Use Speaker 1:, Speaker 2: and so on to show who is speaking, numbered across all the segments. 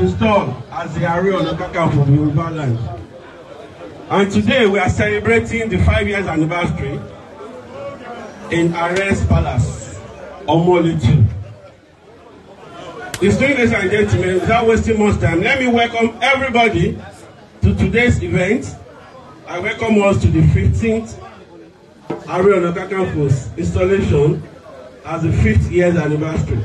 Speaker 1: installed as the Ari Ọ̀nà Kakanfò of Yoruba land.
Speaker 2: And today we are celebrating the five years anniversary in Ààrẹ's Palace, Omoluchi. Distinguished ladies and gentlemen, without wasting much time, let me welcome everybody to today's event. I welcome us to the 15th Ari Ọ̀nà Kakanfò's installation as the fifth year's anniversary.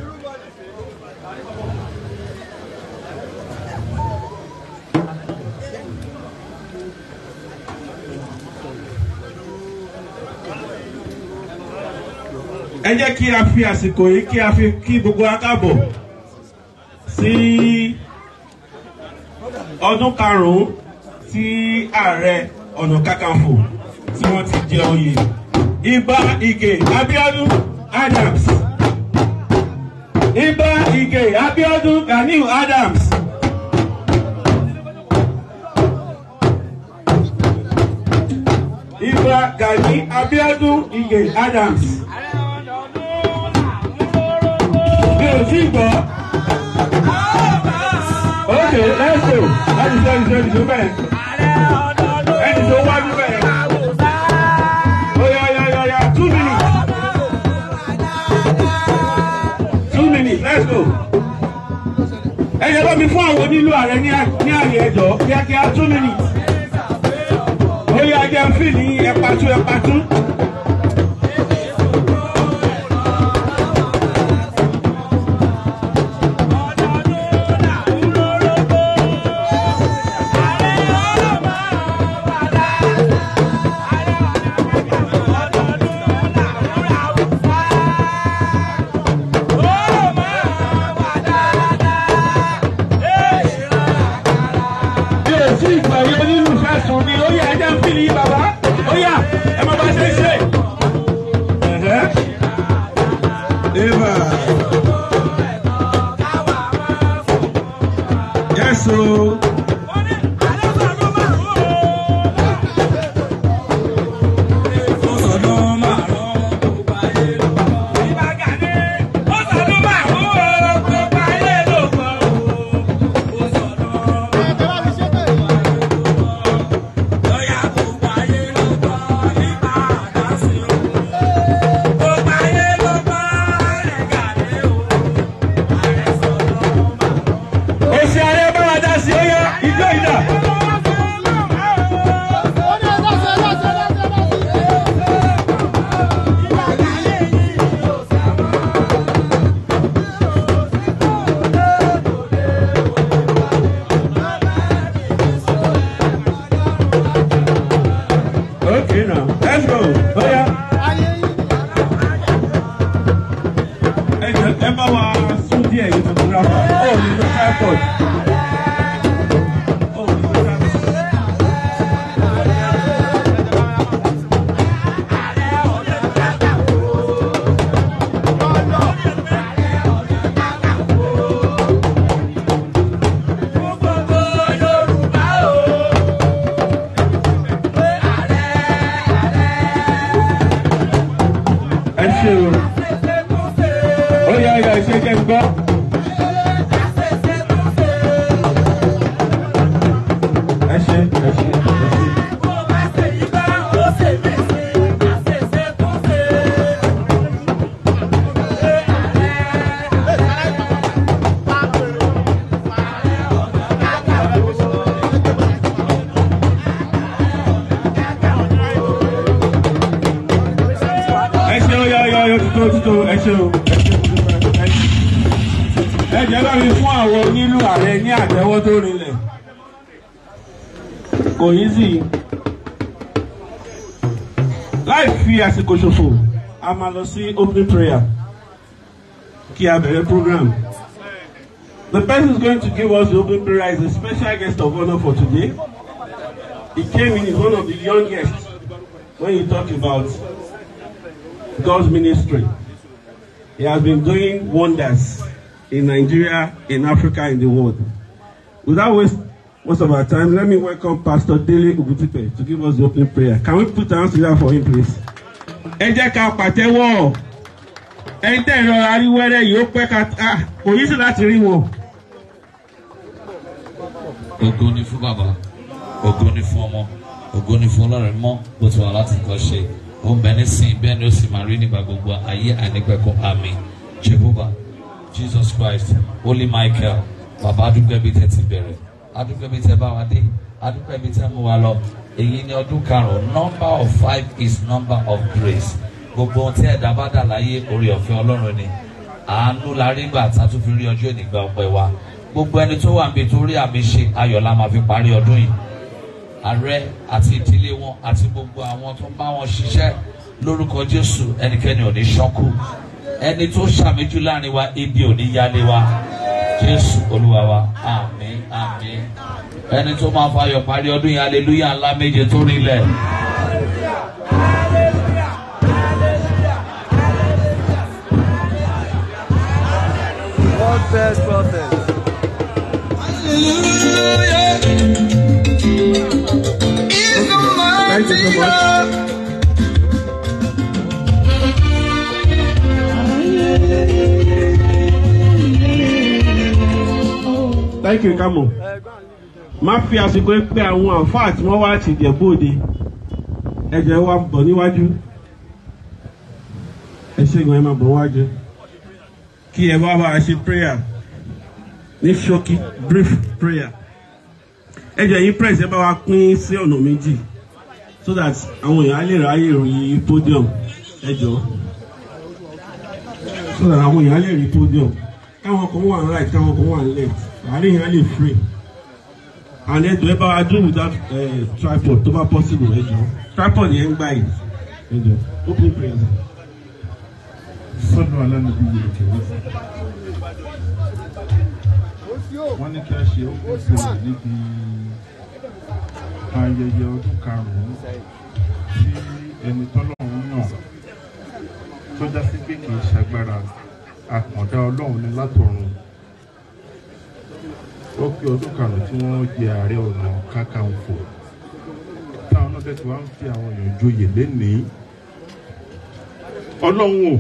Speaker 1: ẹ jẹ́ kí a fi àsìkò yìí kí a fi kí gbogbo akábọ̀
Speaker 2: sí ọdún karùn-ún tí ààrẹ ọ̀nà kakanfò tí wọ́n ti jẹ oyè Ìbà Ìgè Abíọ́dún Adams Ìbà ike Abíọ́dún
Speaker 3: Ganiu Adams. Ìbà Gani Abíọ́dún Ìgè Adams mi ò sí gbọ́. ok let's go láti sọ ẹni yeah, ẹni tó bẹ̀rẹ̀
Speaker 2: ẹni tó wájú bẹ̀rẹ̀. Let's go.
Speaker 3: Ẹ yẹ bá mi fún àwọn onílù ààrẹ ní àyè ẹjọ́ two minutes. Ó yẹ ajá ń fìlì ẹ̀pàtú ẹ̀pàtú. out.
Speaker 2: kò easy láì fi àsìkò ṣòfò a máa lọ sí opening prayer kí a bẹ̀rẹ̀ program. The person is going to give us the opening prayer as a special guest of honor for today. He came in, he's one of the youngest when you talk about God's ministry. He has been doing wonders in Nigeria, in Africa, in the world. Without waste most of our time, let me welcome Pastor Dele Ogutupe to give us the opening prayer. Can we put our hands together for him, please? Ẹ jẹ́ ká pàtẹ́wọ́. Ẹni tẹ́ ìrora rí wẹ́rẹ́ yìí ó pẹ́ ká kò yí sí láti rí wọn. Ògo ni fún bàbá, ògo ni fún ọmọ, ògo ni fún ọlọ́run mọ́ bó ti wà láti kọ́ ṣe. Ó ń bẹ ní sìn bẹ́ẹ̀ ni ó sì máa rí nígbà gbogbo ayé àìnípẹ̀kọ́ àmì. Jehovah, Jesus Christ, Holy Michael, bàbá dúpẹ́ bí tẹ́tí bẹ̀rẹ̀ adúpẹ́ bí tẹ bá wa dé adúpẹ́ bí tẹ mú wa lọ
Speaker 3: èyí ni ọdún karùn number of five is number of grace gbogbo ohun tí ẹ̀dá bá
Speaker 2: dà láyé orí ọ̀fẹ́ ọlọ́run ni àánú la rí gbà tá a tún fi rí ọjọ́ ìnìgbà ọpẹ́ wa gbogbo ẹni tó wà níbi tó rí àmì ṣe ayọ̀ la máa fi parí ọdún yìí ààrẹ àti ìdílé wọn àti gbogbo àwọn tó bá wọn ṣiṣẹ́ lórúkọ jésù ẹnikẹ́ni ò ní ẹni tó ṣàmìjú láàrin wa ibi ò yálé wa jésù olúwa wa àmín ẹni tó máa fayọ̀ parí ọdún yìí aleluya ńlá méje tó rinlẹ̀.
Speaker 4: Protest, protest. Hallelujah. Is the mighty God.
Speaker 2: Saheed Kamo má fi àsìkò pé àwọn àǹfààní tí wọ́n wá ti Ìjẹ̀bú Òde ẹ̀jẹ̀ wa bọ̀ níwájú ẹ ṣègùn ẹ máa bọ̀ wájú kí ẹ bá bá a ṣe prayer ní ṣókí brief prayer ẹ̀jẹ̀ yìí press ẹ bá wa pín sí ọ̀nà méjì so that àwọn èèyàn á lè ráyè rí podium ẹ jọ̀ọ́ so that àwọn èèyàn á lè rí podium káwọn kan wà right káwọn kan wà left àárín yẹn lè free and then to ẹ bá wa do without that eh, tripod
Speaker 1: tó bá possible ẹ jọ tripod yẹn ń gbà yìí ẹ jọ open prayer. sọ́dọ̀ alánàbí yìí kẹ́lẹ́ wọ́n ní kí a ṣe open prayer níbi ayẹyẹ ọdún karùn-ún tí ẹni tọ́lọ́run náà tó dá sí pé kì í ṣagbára àkàndá ọlọ́run ní látọ̀run ó pé ọdún karùn-ún tí wọ́n jẹ ààrẹ ọ̀nà kákàǹfò
Speaker 2: táwọn náà tẹ̀sí wá ń fi àwọn èèyàn joyè lénìí ọlọ́run
Speaker 1: o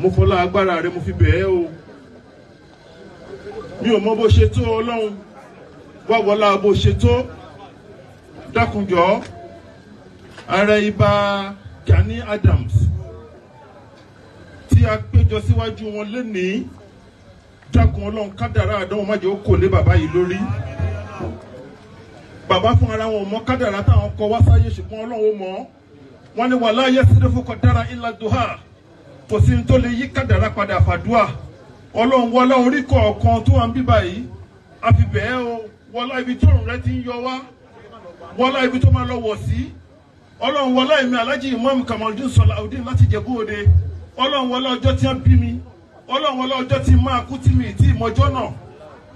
Speaker 1: mo fọlá agbára rẹ mo fi bẹ̀ ẹ́ o mi ò mọ bó ṣe tó ọlọ́run wá wọlá bó ṣe tó dákunjọ́ ààrẹ ibà Gani Adams tí a péjọ síwájú wọn lénìí dákun ọlọ́run
Speaker 2: kádàrá àdánwò má jẹ́ ó kò lé bàbá yìí lórí bàbá fún ara wọn ò mọ kádàrá táwọn
Speaker 1: kọ wá sáyé ṣùgbọ́n ọlọ́run ó mọ̀ wọ́n ní wàhálà
Speaker 2: ayé sílẹ̀ fọkàn dára ìlà duha kò sí tó lè yí kádàrá padà fàdúà ọlọ́run wọlá orí kọ̀ọ̀kan tó wà ń bíbà yìí àfi bẹ́ẹ̀ o wọlá ibi tó rùn rẹ ti ń yọ wá wọlá ibi tó máa lọ wọ̀ sí ọlọ́run wọlá ìmí alájí imam kamaldun sọlá òdin láti jẹ̀bú
Speaker 1: òde ọlọ́run wọlá ọjọ́ tí wọ́n bí mi ọlọ́run ọlá ọjọ́ tí máa kú tí mi tí ìmọ̀jọ́ náà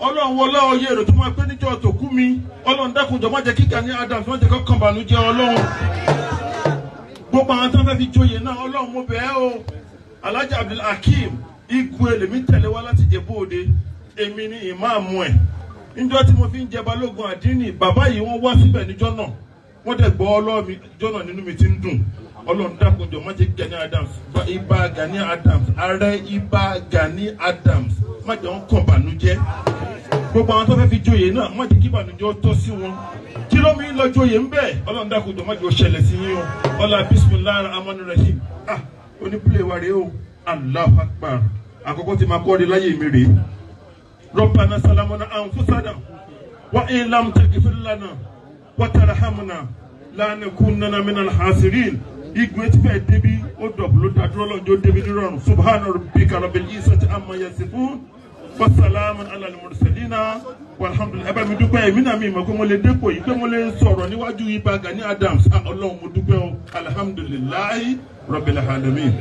Speaker 1: ọlọ́run ọlá oyè èrò tó máa pé níjọ́ tó kú mi ọlọ́run dákunjọ má jẹ́ kíkà ní Adams má jẹ́ kọ́kàn bànújẹ́ ọlọ́run gbogbo àwọn tó ń fẹ́ fi joyè náà ọlọ́run mo
Speaker 2: bẹ̀ ẹ́ o Alhaji Abdulhakeem igun èlèmí tẹ̀lé wá láti jẹ́ bóde èmi ni ìmáàmù ẹ̀ níjọ́ tí mo fi ń jẹ balógun àdínì bàbá yìí wọ́n wá síbẹ̀ níjọ́ náà wọ́n dẹ̀ gbọ́ ọlọ́ọ̀mí jọ́nà nínú mi ti ń dùn ọlọ́run dákun jọ má jẹ́ Gani Adams ibà Gani Adams ààrẹ ibà Gani Adams má jẹ́ wọn kàn bànújẹ́ gbogbo àwọn tó fẹ́ fi joyè náà má jẹ́ kí bànújẹ́ ó tọ́ sí wọn kí ló mi ń lọ joyè ń bẹ̀ ọlọ́run dákun jọ má jẹ́ ó ṣẹlẹ̀ sí yín o ọlá bisimilahi amani rahim ah onípìlẹ̀ wa rèé o Allahu akbar àkọ́kọ́ tí máa kọ́ ọ́ de láyé mi rèé rọ́bànà sàlámọ́nà àǹfọ̀sádà wà ìlànà tẹ̀gẹ́fẹ́lẹ́lànà wà tàràhàmùnà lánàkúnnàmínà hàṣírìn igun etí fẹ́ débi ó dọ̀bù ló dàdúró lọ́jọ́ débi nírọ̀rùn subhana rabbika rabbil izzati amma yasifun wasalamu alal mursalina walhamdulilayi ẹ bá mi dúpẹ́ mi ìmọ̀ pé mo lè dépò yìí pé mo lè sọ̀rọ̀ níwájú Ìbà Gani Adams ah, ọlọ́run mo dúpẹ́ o alhamdulilayi rabbil alamin.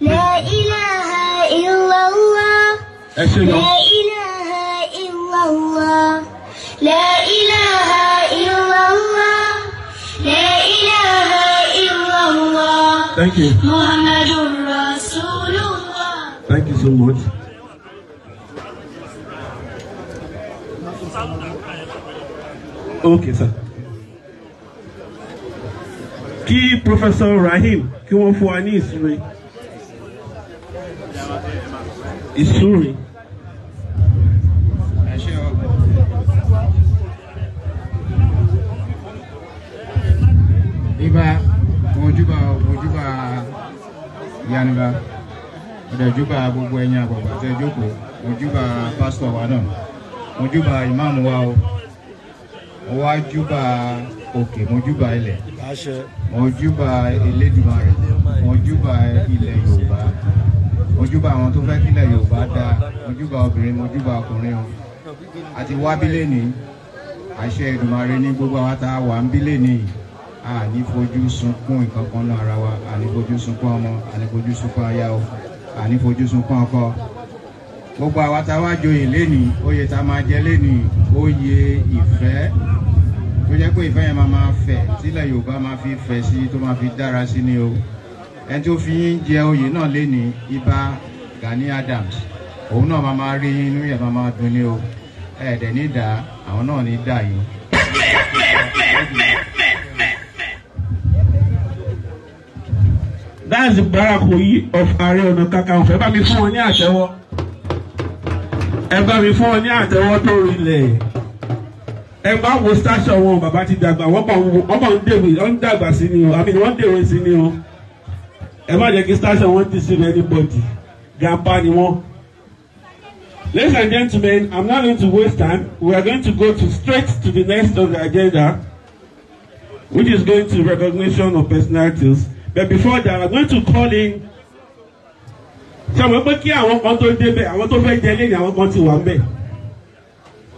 Speaker 5: la ilaha illallah la ilaha illallah la ilaha illallah la ilaha. Thank you.
Speaker 4: Thank you so much.
Speaker 2: Okay, sir. Kí Professor Rahim kí wọ́n fún wa ní
Speaker 1: ìsúre. Ìsúre. Ibà mojúbà mojúbà yanuba mojúbà gbogbo ẹ̀yin àgbàgbà tẹ́ jókòó mojúbà pásítọ̀ wa náà mojúbà ìmáàmù wa o mo wá júbà òkè mojúbà ilẹ̀ mojúbà Elédùmarè mojúbà ilẹ̀ Yorùbá mojúbà àwọn tó fẹ́ kílẹ̀ Yorùbá dáa mojúbà obìnrin mojúbà ọkùnrin o àti wábílẹ̀ ní àṣẹ Èdùmarè ní gbogbo àwọn tá a wà ń bílẹ̀ nìyí àní fojú sunkún ìkankan náà ara wa àní fojú sunkún ọmọ àní fojú sunkún aya o àní fojú sunkún ọkọ gbogbo àwa tá a wá joyè lénìí oyè tá a máa jẹ lénìí oyè ìfẹ́ tó jẹ́ pé ìfẹ́ yẹn máa máa fẹ̀ sílẹ̀ Yorùbá máa fi fẹ̀ sí tó máa fi dára sí ni o ẹni tó fi ń jẹ oyè náà lénìí Ìbà Gani Adams òun náà máa máa rí inú yẹn máa máa dùn ni o ẹ̀ẹ́dẹ̀ ní dà àwọn náà ní dà yìí. Charles
Speaker 2: Barakoyi of Ààrẹ Ọ̀nà Kakanfò ẹ bá mi fún wọn ní àtẹ́wọ́ ẹ bá mi fún wọn ní àtẹ́wọ́ tó rinlẹ̀ ẹ bá wo station wọn bàbá ti dàgbà wọ́n bá ń dèwé wọ́n dàgbà sí ni o àmì wọ́n dèwé sí ni o ẹ má jẹ́ kí station wọn deceive anybody gàmbá ni wọ́n. Ladies and gentlemen, I'm not going to waste time. We are going to go to straight to the next on the agenda, which is going to recognition of personalities but before that i'm going to call in sọmọ pé kí àwọn kan tó débẹ̀ àwọn tó fẹ́ jẹ lẹ́yìn àwọn kan ti wà ń bẹ̀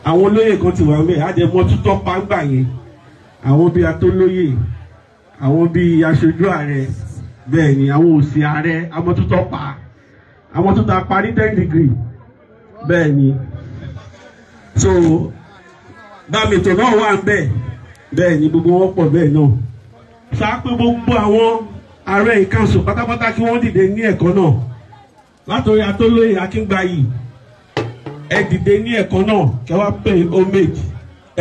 Speaker 2: àwọn olóyè kan ti wà ń bẹ̀ àdèmọ tútọ pàǹgbà yẹn
Speaker 1: àwọn bíi atólóyè àwọn bíi aṣojú ààrẹ bẹ́ẹ̀ ni àwọn òsì ààrẹ amọtútọ pa amọtútọ apá ní ten degree bẹ́ẹ̀ ni so bámitò náà wà ń bẹ̀ bẹ́ẹ̀
Speaker 2: ni gbogbo wọn pọ̀ bẹ́ẹ̀ náà sáà pé gbogbo àwọn ààrẹ ìkànsù pátápátá kí wọ́n dìde ní ẹ̀kọ́ náà látòrí atólóyè akíngbayì ẹ dìde ní ẹ̀kọ́ náà kẹwàá pé homage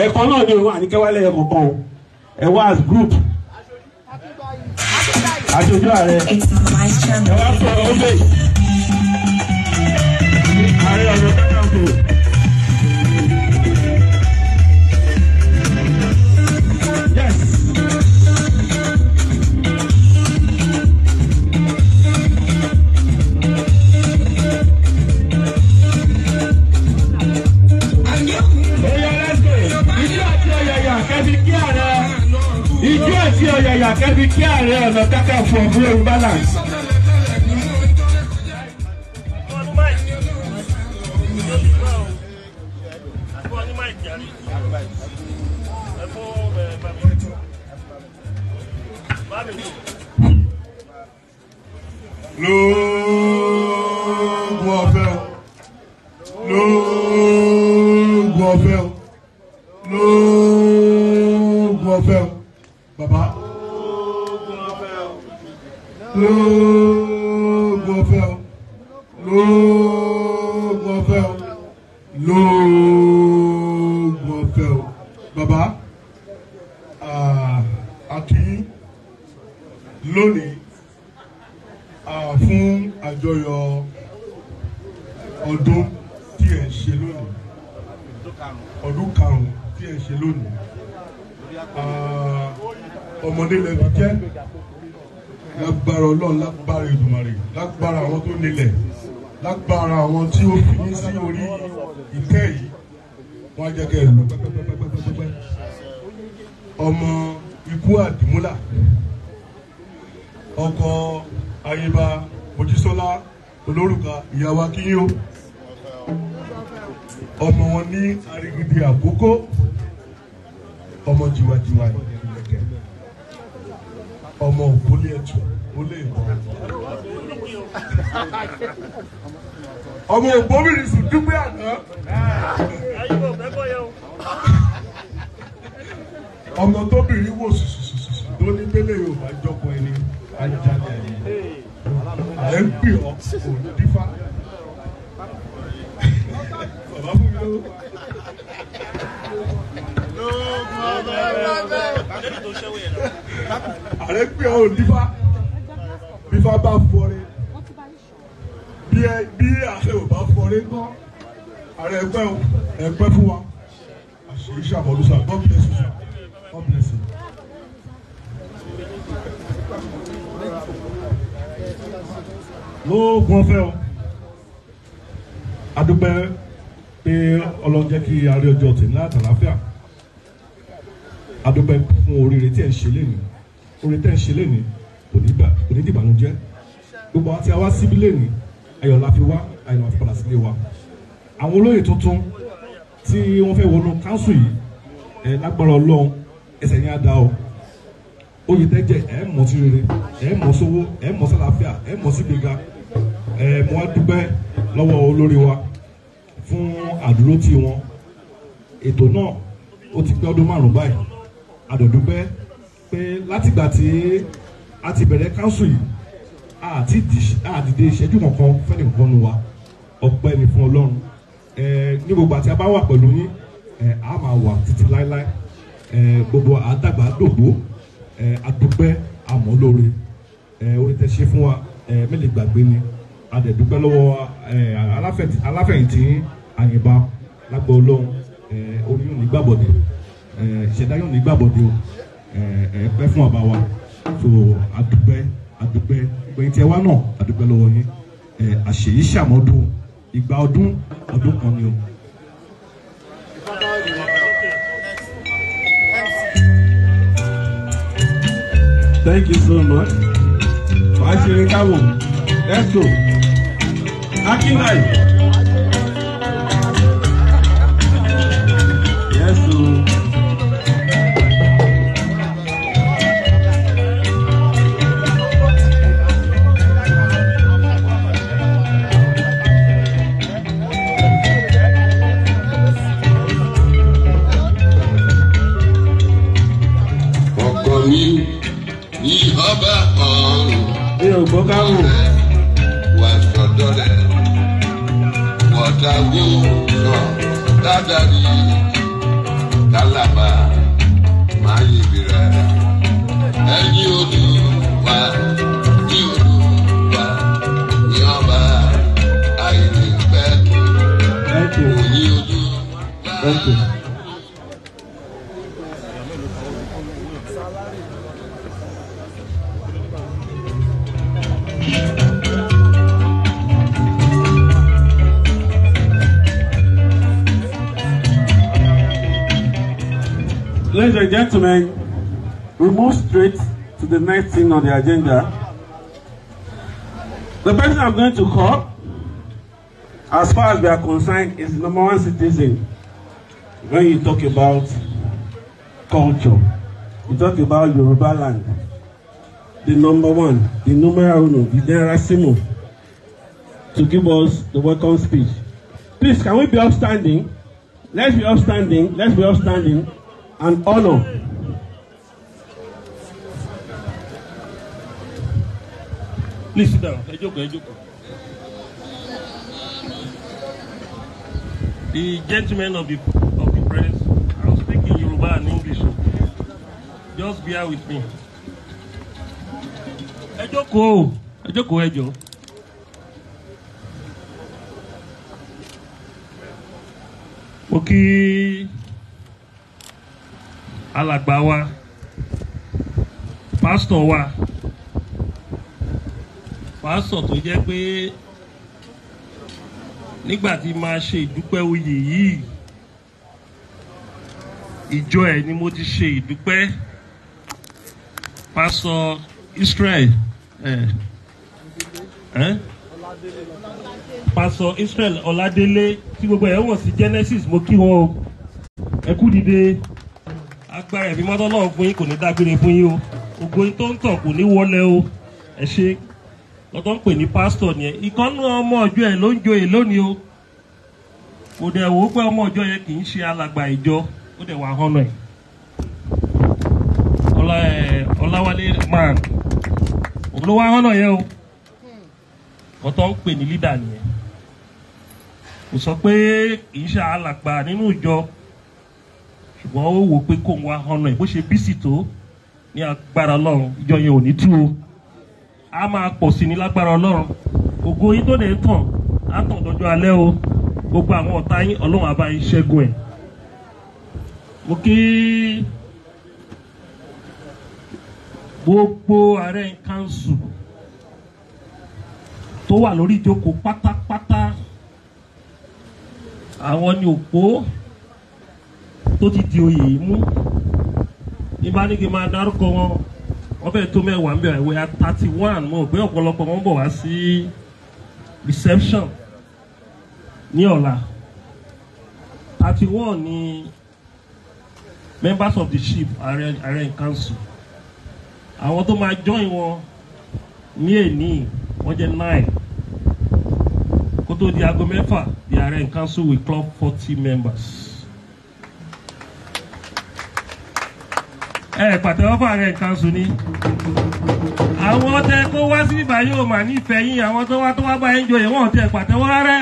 Speaker 2: ẹ̀kọ́ náà ni òun àníkẹ́wàá lẹ́yìn kọ̀ọ̀kan ẹ̀ wá as group àjòjò ààrẹ
Speaker 3: kẹwàá
Speaker 4: pé homage ààrẹ ọ̀nà kẹwàá kò. ẹ̀yà kẹ́bi kí ààrẹ
Speaker 5: ọ̀nà kakanfò blue balance.
Speaker 4: lóògùn ọ̀fẹ́ o lóògùn ọ̀fẹ́ o.
Speaker 2: agbára àwọn tí ó fi yín sí orí ìtẹ́ yìí wọ́n á jẹ́ kẹ́ ẹ lọ pẹ́pẹ́pẹ́pẹ́pẹ́
Speaker 1: ọmọ ikú àdìmúlà ọkọ ayébá mojísọ́lá olórùka ìyàwó akínyó ọmọ wọn ní arigidi àkókò ọmọ jìwàjìwà
Speaker 2: ọmọ òkúlé ẹtù ó lè bọ
Speaker 1: ọmọ ògbómìnì sùn dúpẹ́ àná. ọmọ tóbìnrin wò sùsùsùsù tó ní pélé yorùbá jọpọ ẹni ajáde ẹni
Speaker 2: ẹ ń pè ọ
Speaker 4: olùdífá. bàbá fún mi lówó.
Speaker 1: ààrẹ pè ọ olùdífá bífá bá fọre bí àṣẹ ò bá fọlé tán ààrẹ ẹgbẹ́ o ẹgbẹ́ fún wa àṣírí ṣàmọ̀lùsà God bless you sir God bless you.
Speaker 2: lóògùn ọ̀fẹ́ o adúpẹ́ pé Ọlọ́run kí a rí ọjọ́ tèmi láti àlàáfíà
Speaker 1: fún oríire tí ẹ ń ṣe lénìí oríire tí ẹ ń ṣe lénìí kò ní dìbànújẹ́ gbogbo àti àwa síbí lénìí ayọ̀ la fi wá ayọ̀ la fi padà sílé wa àwọn olóyè tuntun tí wọ́n fẹ́ wọnú kánsù yìí ẹ̀ lágbára ọlọ́run ẹsẹ̀ yẹn á da o oyè tẹ́jẹ̀ ẹ̀ mọ̀ sí rere ẹ̀ mọ̀ sówó ẹ̀ mọ̀ sálàáfíà ẹ̀ mọ̀ sí gbéga ẹ̀ mo wá dúpẹ́ lọ́wọ́ olórí wa fún
Speaker 2: àdúró tí wọn ètò náà ó ti pẹ́ ọdún márùn-ún báyìí àdọ̀dúpẹ́ pé látìgbà tí a ti bẹ̀rẹ̀ kánsù yìí àti àdìde ìṣẹ́jú kankan fẹ́ni kankan nu wa ọpẹ́ ni fún ọlọ́run ní gbogbo àti a bá wà pẹ̀lú yín a máa wà títí láéláé gbogbo àdàgbà
Speaker 1: dògbò àdúpẹ́ àmọ́lóore orí tẹ́ ṣe fún wa mélòó gbàgbé ni àdẹ̀dúpẹ́ lọ́wọ́ aláfẹ̀yìntì àyìnbá lágbo ọlọ́run orí yóò ní gbàbọ̀dé ìṣẹ̀dá yóò ní gbàbọ̀dé o ẹ pẹ́ fún ọba wa so àdúpẹ́ àdúpẹ́ ẹ̀yin tiẹ̀ wá náà àdúgbò lọ́wọ́ yín ẹ̀ àṣeyí ṣàmọ́dún ìgbà ọdún ọdún kan ni o. Thank you so much. Wàá ṣe ní káwọ̀. Let's go. Akínláì. Yes,
Speaker 5: dàgbò náà dáadáa kálábà máa ń yìnbìrà ẹni olúwa ní olúwa ní ọba àìlèpẹ́ òní
Speaker 4: olúwa.
Speaker 2: and gentlemen, we move straight to the next thing on the agenda. The person I'm going to call, as far as we are concerned, is number one citizen. When you talk about culture, you talk about Yoruba land, the number one, the numero uno, the generalissimo, to give us the welcome speech. Please, can we be upstanding? Let's be upstanding. Let's be upstanding and honor. Please sit down. Ẹ jókòó, ẹ jókòó. The gentlemen of the of the press, I'm speaking Yoruba and English. Just bear with me. Ejoko, jókòó, ẹ Okay alàgbà wa pásítọ̀ wa pásítọ̀ tó jẹ́ pé nígbà tí máa ṣe ìdúpẹ́ oyè yìí ìjọ ẹ̀ ni mo ti ṣe ìdúpẹ́ pásítọ̀ Israel eh. pásítọ̀ Israel Ọládélé tí gbogbo ẹ̀ wọ̀n sí Genesis mo kí wọn ẹ kú dìde. agbára ẹ̀mí mọ́tọ́ náà fún yín kò ní dágbére fún yín o ògo tó ń tàn kò ní wọlé o ẹ ṣe lọ́tọ́ ń pè ní pásítọ̀ nìyẹn ìkọ́nú ọmọ ọjọ́ ẹ̀ ló ń joyè lónìí o kò dẹ̀ wò ó pé ọmọ ọjọ́ yẹn kì í ṣe alàgbà ìjọ ó dẹ̀ wà hánà ẹ̀ ọláwálé man òun ló wá hánà yẹn o kọ́tọ́ ń pè ní lídà nìyẹn kò sọ pé kì í ṣe alàgbà nínú ìjọ. ṣùgbọ́n ó wò pé kóun wá ọ̀nà ẹ̀ bó ṣe bí sì tó ní agbára ọlọ́run ìjọ yẹn ò ní tú o a máa pọ̀ sí ní lágbára ọlọ́run ògo yín tó lè tàn á tàn dọjọ́ alẹ́ o gbogbo àwọn ọ̀tá yín ọlọ́run àbá yín ṣẹ́gun ẹ̀ mo kí gbogbo ààrẹ kanṣu tó wà lórí ìjókòó pátápátá àwọn ni òpó tó ti di oyè yìí mú ìbá ní kí máa dárúkọ wọn wọ́n tó mẹ́wàá ń bẹ ìwé thirty one mo gbé ọ̀pọ̀lọpọ̀ wọn bọ̀ wá sí reception ní ọ̀la thirty one ni members of the ship arrange are in council àwọn tó máa join wọn ní èní wọ́n jẹ́ nine kó tó di aago mẹ́fà the arrange council with club forty members. ẹ pàtẹ́wọ́ fàárẹ̀ nǹkan sùn ni. àwọn tẹ kó wá sí bíbá yóò mà nífẹ̀ẹ́ yín àwọn tó wá tó wá bá yín joyè wọ́n tẹ pàtẹ́wọ́ rárá.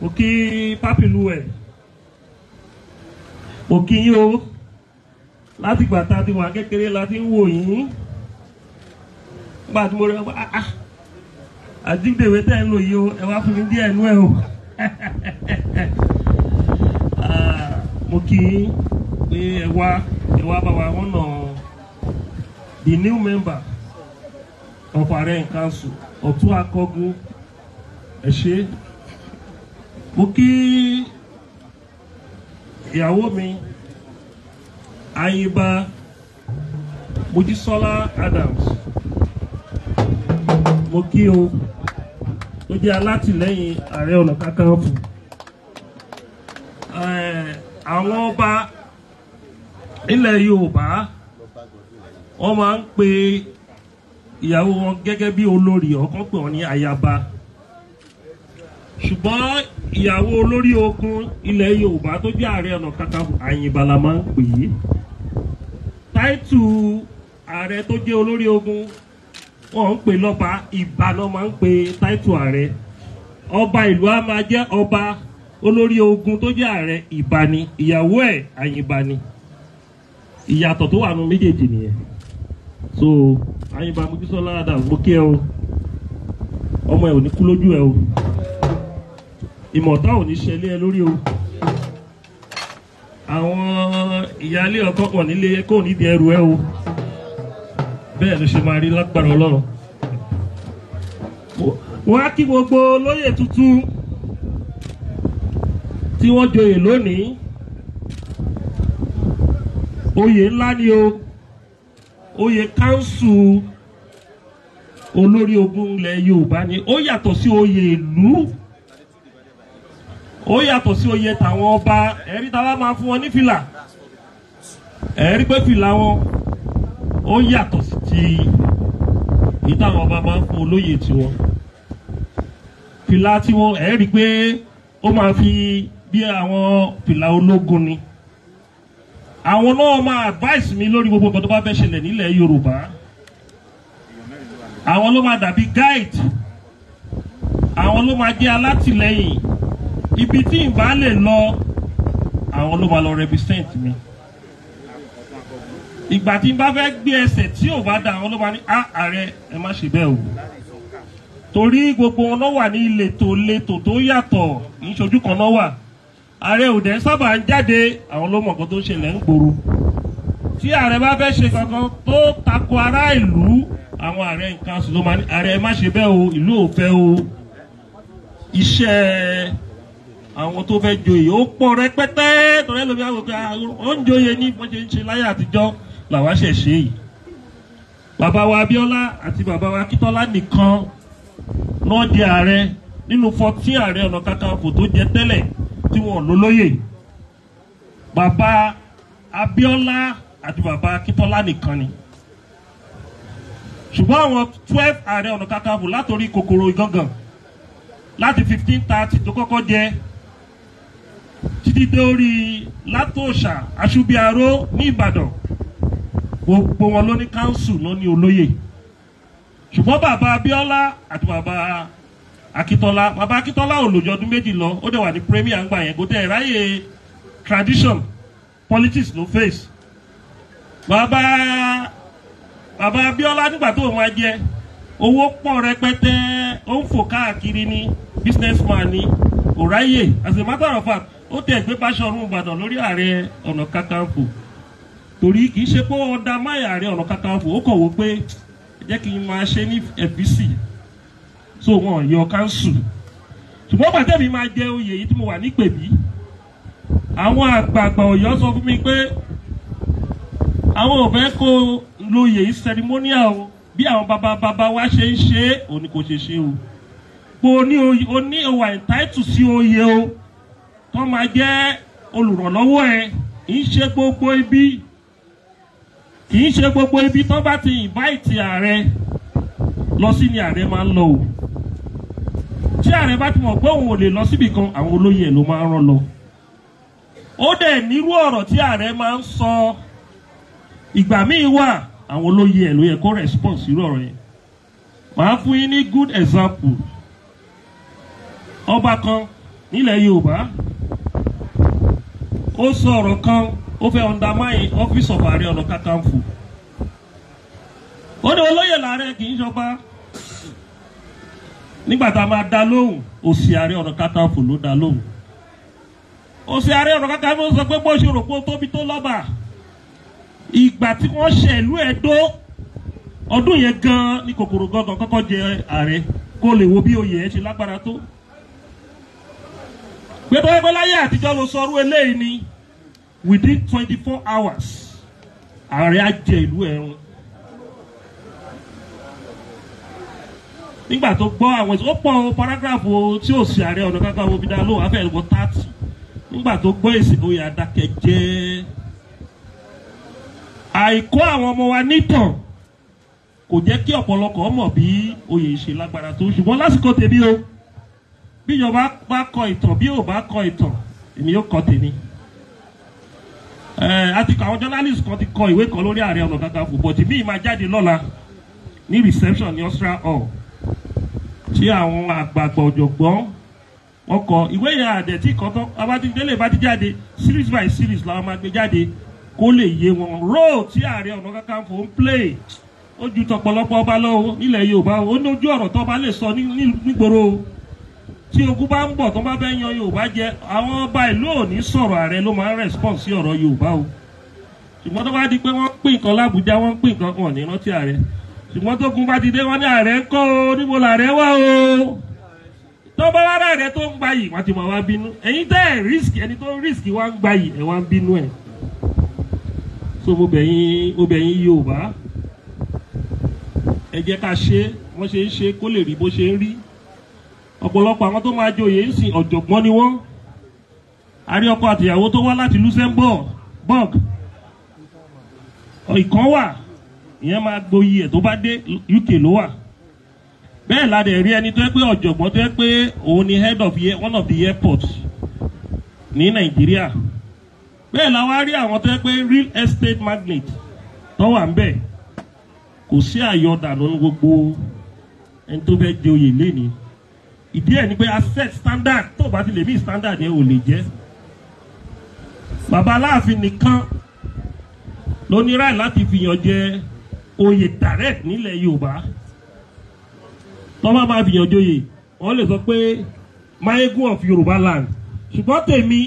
Speaker 2: mo kí pápìlú ẹ̀ mo kí yín o láti gbà tá a ti wà kékeré la ń wò yín nígbà tí mo rẹ wá ah, ah àdígbèwé tẹ́ ń lò yìí o ẹ wá fún mi díẹ̀ nú ẹ o ah, mo kì í pé ẹ wá ẹ wá bá wa wọ́n nà the new member of Arẹ́n council Ọ̀tún Akọ́gun ẹ ṣé mo kí ìyàwó mi Ayíba Mojísọ́lá Adams mo kí o tó jẹ́ alátìlẹ́yìn ààrẹ ọ̀nà kakanfò àwọn ọba ilẹ̀ yorùbá wọ́n máa ń pe ìyàwó wọn gẹ́gẹ́ bí olórí ọ̀kan pè wọ́n ní ayaba ṣùgbọ́n ìyàwó olórí ogun ilẹ̀ yorùbá tó jẹ́ ààrẹ ọ̀nà kakanfò àyìnbá la máa ń pè é táìtù ààrẹ tó jẹ́ olórí ogun wọn ń pè lọ́ba ìbà ló máa ń pè táìtù ààrẹ ọba ìlú a máa jẹ́ ọba olórí ogun tó jẹ́ ààrẹ ìbà ìyàwó ẹ̀ àyìnbá ìyàtọ̀ tó wà nù méjèèjì nìyẹn so àyìnbá mojísọ́lá Adams mo kí ẹ o ọmọ ẹ ò ní kú lójú ẹ o ìmọ̀tá ò ní ṣẹlẹ̀ ẹ lórí o àwọn ìyáálé ọkọ pọ̀ nílé kò ní di ẹrù ẹ o bẹ́ẹ̀ ló ṣe máa rí lágbára ọlọ́run wọ́n á kí gbogbo olóyè tuntun tí wọ́n joyè lónìí oyè ńlá ni o oyè káńsù olórí ogun ilẹ̀ Yorùbá ni ó yàtọ̀ sí oyè ìlú ó yàtọ̀ sí oyè tàwọn ọba ẹ̀rí tá a bá máa fún wọn ní fìlà ẹ̀rí pé fìlà wọn ó yàtọ̀ sí ní táwọn ọba máa ń fún olóyè tiwọn fìlà tiwọn ẹ̀ rí i pé ó máa fi bí àwọn fìlà ológun ni àwọn náà máa advice mi lórí gbogbo nǹkan tó bá fẹ́ ṣẹlẹ̀ nílẹ̀ Yorùbá àwọn ló máa dàbí guide àwọn ló máa jẹ́ alátìlẹ́yìn ibi tí n lè lọ àwọn ló máa lọ represent mi ìgbà tí n bá fẹ́ gbé ẹsẹ̀ tí ò bá dà wọn ló máa ní á ah, ààrẹ ẹ má ṣe bẹ́ẹ̀ o torí gbogbo wọn wà ní ìletò letò tó yàtọ̀ ìṣojú kan náà wà ààrẹ ò dẹ̀ sábà ń jáde àwọn ló mọ̀ nǹkan tó ń ṣẹlẹ̀ ń gbòòrò tí ààrẹ bá fẹ́ ṣe kankan tó tako ará ìlú àwọn ààrẹ nǹkan sùn ló máa ní ààrẹ ẹ má ṣe bẹ́ẹ̀ o ìlú ò fẹ́ o iṣẹ́ àwọn tó fẹ́ joyè ó pọ̀ rẹpẹtẹ tọ́lẹ́ lómi àwọn òkè àwọn oúnjẹ ní bọ́n ń ṣe láyé àtijọ́ làwa ṣẹ̀ ṣe yìí bàbá wa Abíọ́lá àti bàbá wa Akíntọ́lá nìkan náà di ààrẹ nínú fourteen ààrẹ ọ̀nà kakanfò tó jẹ tẹ́lẹ̀ tí wọ́n lólóyè bàbá Abíọ́lá àti bàbá Akíntọ́lá nìkan ni ṣùgbọ́n àwọn twelve ààrẹ ọ̀nà kakanfò látòrí kòkòrò ìgangan láti fifteen thirty tó kọ́kọ́ jẹ títí dé orí látòṣà àṣubíàró ní Ìbàdàn gbogbo wọn ló ní kánsù ló ní olóyè ṣùgbọ́n bàbá Abíọ́lá àti bàbá akitola bàbá akitola ò lòjọ ọdún méjì lọ ó dẹ̀ wà ní premier ń gbà yẹn kò tẹ̀ ráyè tradition politics ló face bàbá bàbá Abíọ́lá nígbà tó wọn jẹ owó pọ̀ rẹpẹtẹ ó ń fò káàkiri ní businessman ní òráyè as a matter of fact ó tẹ̀ gbé Báṣọ̀run Ìbàdàn lórí ààrẹ ọ̀nà kakanfò torí kì í ṣe pé wọn da máyà rẹ ọ̀nà kakanfò ó kọ̀ wó pé jẹ́ kí n máa ṣe ní FBC so wọn yọ kánsù ṣùgbọ́n pàtẹ́mi máa jẹ oyè yìí tí mo wà nípèbí àwọn àgbààgbà Ọ̀yọ́ sọ fún mi pé àwọn ò fẹ́ kó lóye yìí ceremonial o bí àwọn bàbá bàbá wa ṣe ń ṣe é òní kò ṣe ṣe o pé o ní òwà entitled sí oyè o tó máa jẹ́ olùrànlọ́wọ́ ẹ̀ ń ṣe gbogbo ibi kì í ṣe gbogbo ibi tó bá ti invite ààrẹ lọ sí ni ààrẹ máa ń lọ o tí ààrẹ bá ti mọ̀ pé òun ò lè lọ síbì kan àwọn olóyè ló máa ń rán lọ ó dẹ̀ nírú ọ̀rọ̀ tí ààrẹ máa ń sọ ìgbà míì wà àwọn olóyè ló yẹ kó response irú ọ̀rọ̀ yẹn màá fún yín ní good example ọba kan nílẹ̀ Yorùbá ó sọ ọ̀rọ̀ kan ó fẹ́ undermine office of ààrẹ ọ̀nà kakanfò ó ní olóyè làárẹ̀ kì í jọba nígbà tá a máa dá lóhùn òsì ààrẹ ọ̀nà kakanfò ló dá lóhùn òsì ààrẹ ọ̀nà kakanfò sọ pé bó ṣe rò pé ó tóbi tó lọ́ba ìgbà tí wọ́n ṣe ìlú Ẹdó ọdún yẹn gan ni kòkòrò gangan kọ́kọ́ jẹ ààrẹ kó lè wo bí oyè ẹ ṣe lágbára tó gbẹdọ̀ àtijọ́ ló sọ ọrú eléyìí ni within twenty four hours ààrẹ á jẹ ìlú ẹ̀rùn nígbà tó gbọ́ àwọn èsì pọ̀ paragraph tí ò sí ààrẹ ọ̀nà kakanfò fi dá lóhùn afẹ́ ìwọ tààtì nígbà tó gbọ́ èsì oyè adákẹ́ jẹ́ àìkó àwọn ọmọ wa nítàn kò jẹ́ kí ọ̀pọ̀lọpọ̀ mọ̀ bí oyè ìṣe lágbára tó ṣùgbọ́n lásìkò tèmi o bí ìjọba bá kọ ìtàn bí ò bá kọ ìtàn èmi yóò kọ tèmi àti àwọn journalist kan ti kọ ìwé kan lórí ààrẹ ọ̀nà kakanfò but míì máa jáde lọ́la ní reception ní austria hall tí àwọn àgbààgbà ọ̀jọ̀gbọ́n wọn kọ ìwé yẹn àdẹ̀tí kọ́tọ́ abátidélé bá ti jáde series by series làwọn máa gbé jáde kó lè yé wọn role tí ààrẹ ọ̀nà kakanfò ń play ó ju tọ̀pọ̀lọpọ̀ ọba lọ nílẹ̀ yorùbá ó ní ojú ọ̀rọ̀ tó bá lè sọ nígboro o tí ogun bá ń bọ̀ tó bá fẹ́ yan yorùbá jẹ àwọn ọba ìlú òní sọ̀rọ̀ ààrẹ ló máa ń respond sí ọ̀rọ̀ yorùbá o ṣùgbọ́n tó bá di pé wọ́n ń pín nǹkan lábújá wọ́n ń pín nǹkan kan ní rántí ààrẹ ṣùgbọ́n tó gun bá ti dé wọ́n ní ààrẹ ń kọ́ o níbo làárẹ̀ wà o tó bá wá ààrẹ tó ń gbayì wọ́n ti mọ̀ wá bínú ẹ̀yin tẹ́ ẹ̀ risk ẹni tó risk wá ń gbayì ẹ̀ wá ń bínú ẹ̀ so mo bẹ̀yìn mo bẹ̀yìn yorùbá ẹ jẹ́ ká ṣe wọ́n ọ̀pọ̀lọpọ̀ àwọn tó máa joyè ń sìn ọ̀jọ̀gbọ́n ni wọ́n a rí ọkọ àtìyàwó tó wá láti Luxembourg ìkan wà ìyẹn máa gboyè ẹ̀ tó bá dé UK ló wà bẹ́ẹ̀ la dẹ̀ rí ẹni tó yẹ pé ọ̀jọ̀gbọ́n tó yẹ pé òun ni head of one of the airports ní Nàìjíríà bẹ́ẹ̀ la wá rí àwọn tó yẹ pé real estate magnate tó wà ń bẹ̀ kò sí àyọ̀dànù gbogbo ẹni tó fẹ́ jẹ oyè lénìí. ìdí ẹ̀ ni pé a set standard tó bá ti lè mí standard yẹn ò lè jẹ́ bàbá aláàfin nìkan ló ní ráì láti fìyàn jẹ oyè direct nílẹ̀ yorùbá tọ́ba máa fìyàn joyè wọ́n lè sọ pé mayegun of yorùbá land ṣùgbọ́n tèmi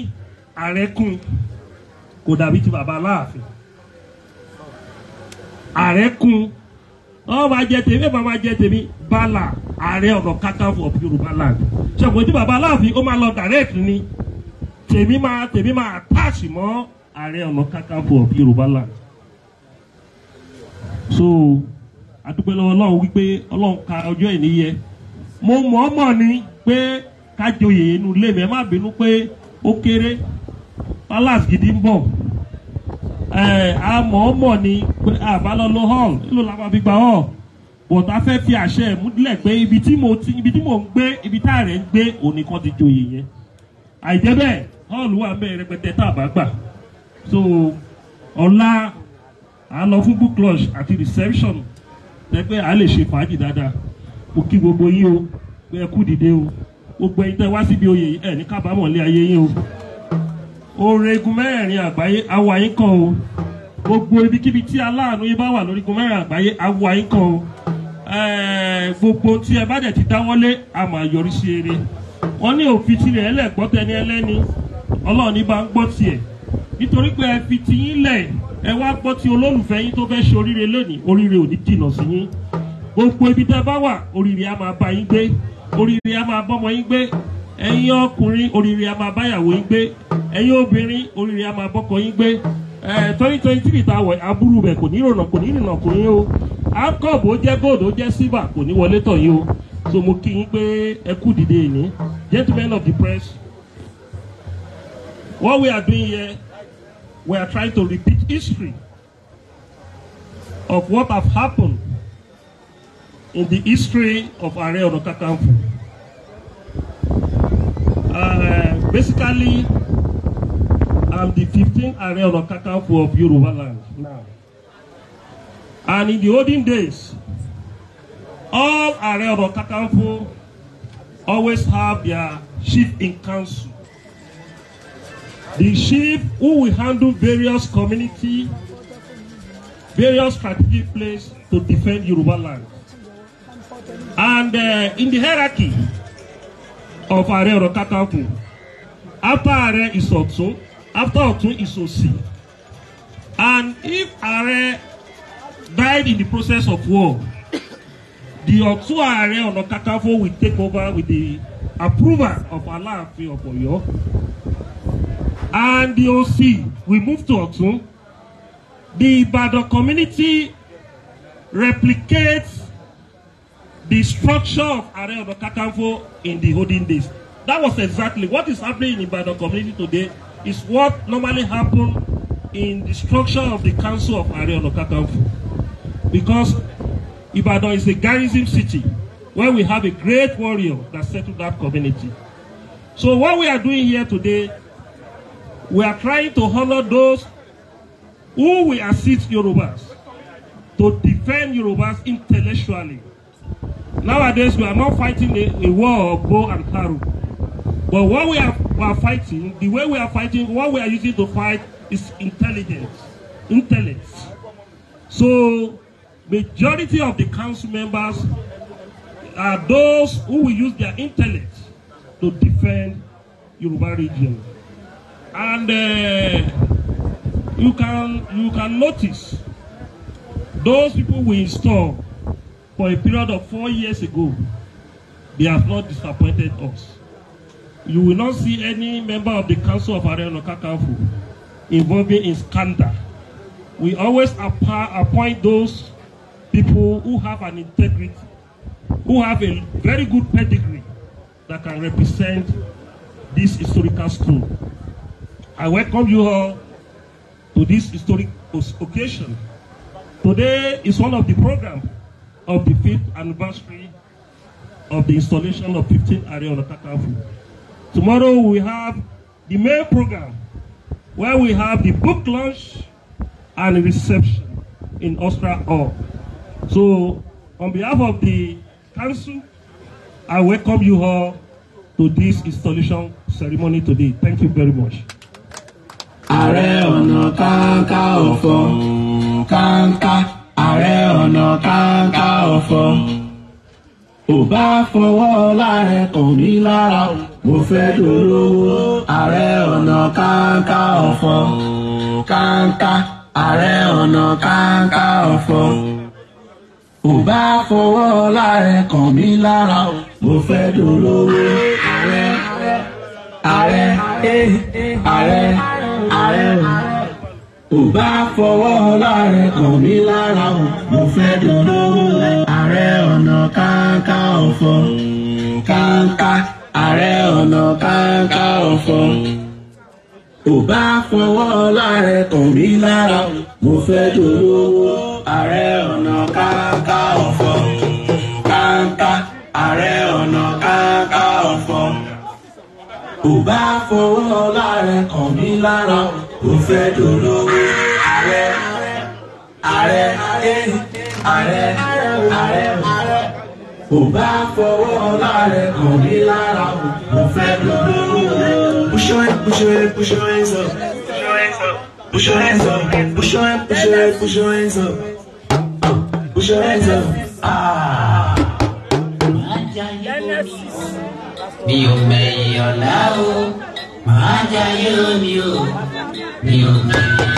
Speaker 2: àrẹ́kùn kò dàbí ti bàbá aláàfin àrẹ́kùn. ọ bụ jẹ tèmi ẹ bá máa jẹ bala ààrẹ ọ̀nà kakanfò of Yoruba land ṣàpò tí baba fi ọ ma lọ direct ni Temi ma temi ma attach mọ ààrẹ ọ̀nà kakanfò of Yoruba land so adúpẹ́ lọ́wọ́ ọlọ́run wípé ọlọ́run ka ọjọ ìní yẹ mo mọ̀ ọ́ mọ̀ ni pé kájọyè inú ilé mi ẹ má bínú pé ó kéré palace gidi ń bọ̀. Eh, àmọ̀ọ́mọ̀ ni àbálọ́lọ́ hall nílò làwọn àbí gba hall bọ̀dá fẹ́ fi àṣẹ ìmúdílẹ̀ pé ibi tí mo ti ibi tí mo ń gbé ibi tá rẹ̀ ń gbé òní kan ti joyè yẹn àìjẹ́ bẹ́ẹ̀ hall wà bẹ́ẹ̀ rẹpẹtẹ tá a bá gbà so ọ̀la à ń lọ fún book launch àti reception tẹ́gbẹ́ à lè ṣe fàájì dáadáa mo kí gbogbo yín o pé ẹ kú dìde o gbogbo ẹ̀yin tẹ́ wá síbi oyè ẹ̀ ní kábàámọ̀ lé ayé yín o oregun mẹ́rẹ̀ẹ̀rin àgbáyé awo àyín kan o gbogbo ibikíbi tí aláàánú yín bá wà lórígun mẹ́rẹ̀ẹ̀rin àgbáyé awo àyín kan o gbogbo tí ẹ bá dẹ̀ ti dáwọ́lé àmọ́ àyọrí sí eré wọ́n ní òfin tirẹ̀ ẹlẹ́gbọ́n tẹni ẹlẹ́ni ọlọ́run ní bá ń gbọ́ tiẹ̀ nítorí pé ẹ fi tiyín lẹ̀ ẹ wá gbọ́ ti olólùfẹ́ yín tó fẹ́ ṣe oríire lónìí oríire ò ní jìnnà sí yín gbogbo ibi tẹ́ bá wà oríire á máa bá yín gbé oríire á máa bọ́mọ yín gbé ẹ̀yin ọkùnrin oríire a máa báyàwó yín gbé ẹ̀yin obìnrin oríire a máa bọ́kọ yín gbé twenty twenty three ta wọ̀ aburú bẹ̀ kò ní ìrònà kò ní ìrìnà kò yín o akọ́b ó jẹ́ gold ó jẹ́ silver kò ní wọlé tọ̀ yín o so mo kí yín pé ẹ kú dìde ìní gentlemen of the press what we are doing here we are trying to repeat history of what have happened in the history of Ààrẹ Ọ̀nà Kakanfò. Uh, basically, I'm the 15th area of Kakanfò of Yoruba land now. And in the olden days, all area of Kakanfò always have their chief in council. The chief who will handle various community, various strategic place to defend Yoruba land. And uh, in the hierarchy, of Ààrẹ Ọ̀nà Kakanfò after Ààrẹ is Ọ̀tún after Ọ̀tún is and if Ààrẹ died in the process of war the Ọ̀tún Ààrẹ Ọ̀nà Kakanfò will take over with the approval of Aláàfin of Ọ̀yọ́ and the OC will move to Ọ̀tún the Ibadan community replicates the structure of area of Kakanfò in the olden days. That was exactly what is happening in Ibadan community today is what normally happen in the structure of the Council of area of Kakanfò. Because Ibadan is a garrison city where we have a great warrior that settled that community. So what we are doing here today, we are trying to honour those who will assist Yorubas to defend Yorubas intellectually Nowadays, we are not fighting a, a war of bow and arrow. But what we are, we are fighting, the way we are fighting, what we are using to fight is intelligence, intellect. So, majority of the council members are those who will use their intellect to defend Yoruba region. And uh, you can you can notice those people we install For a period of four years ago, they have not disappointed us. You will not see any member of the Council of Arena Kakafu involving in scandal. We always appoint those people who have an integrity, who have a very good pedigree that can represent this historical school. I welcome you all to this historic occasion. Today is one of the programs of the fifth anniversary of the installation of 15 Ààrẹ Ọ̀nà Kakanfò. Tomorrow we have the main program where we have the book launch and reception in Ostra Hall. So on behalf of the council, I welcome you all to this installation ceremony today. Thank you very much. Ààrẹ Ọ̀nà Kakanfò, Kanka ààrẹ ọ̀nà
Speaker 3: kakanfò ò bá fọwọ́ láàrẹ kàn mí lára mo fẹ́ dolówó ààrẹ ọ̀nà kakanfò kàńkà ààrẹ ọ̀nà kakanfò ò bá fọwọ́ láàrẹ kàn mí lára mo fẹ́ dolówó ààrẹ ààrẹ
Speaker 4: ààrẹ ààrẹ
Speaker 3: ò bá fọwọ́ ọlọ́rẹ̀ kàn mí lára o mo fẹ́ dolówó ààrẹ ọ̀nà kàńkà ọ̀fọ̀ kàńkà ààrẹ ọ̀nà kàńkà ọ̀fọ̀ ò bá fọwọ́ ọlọ́rẹ̀ kàn mí lára o mo fẹ́ dolówó ààrẹ ọ̀nà kàńkà ọ̀fọ̀ kàńkà ààrẹ ọ̀nà kàńkà ọ̀fọ̀ ò bá fọwọ́ ọlọ́rẹ̀ kàn mí lára o ó fẹ́ dolówó ààrẹ ààrẹ ààrẹ ààrẹ kò bá fọwọ́ ọlá rẹ̀ kàn mí lára ó fẹ́ dolówó. Push your hand, push your hand, push your hands up. Push your hands up, push your hand, push push your hands up. Push your
Speaker 4: hands up. Ah. Mi ò mẹ̀yìn ọ̀la o, màá jayé omi o. 你。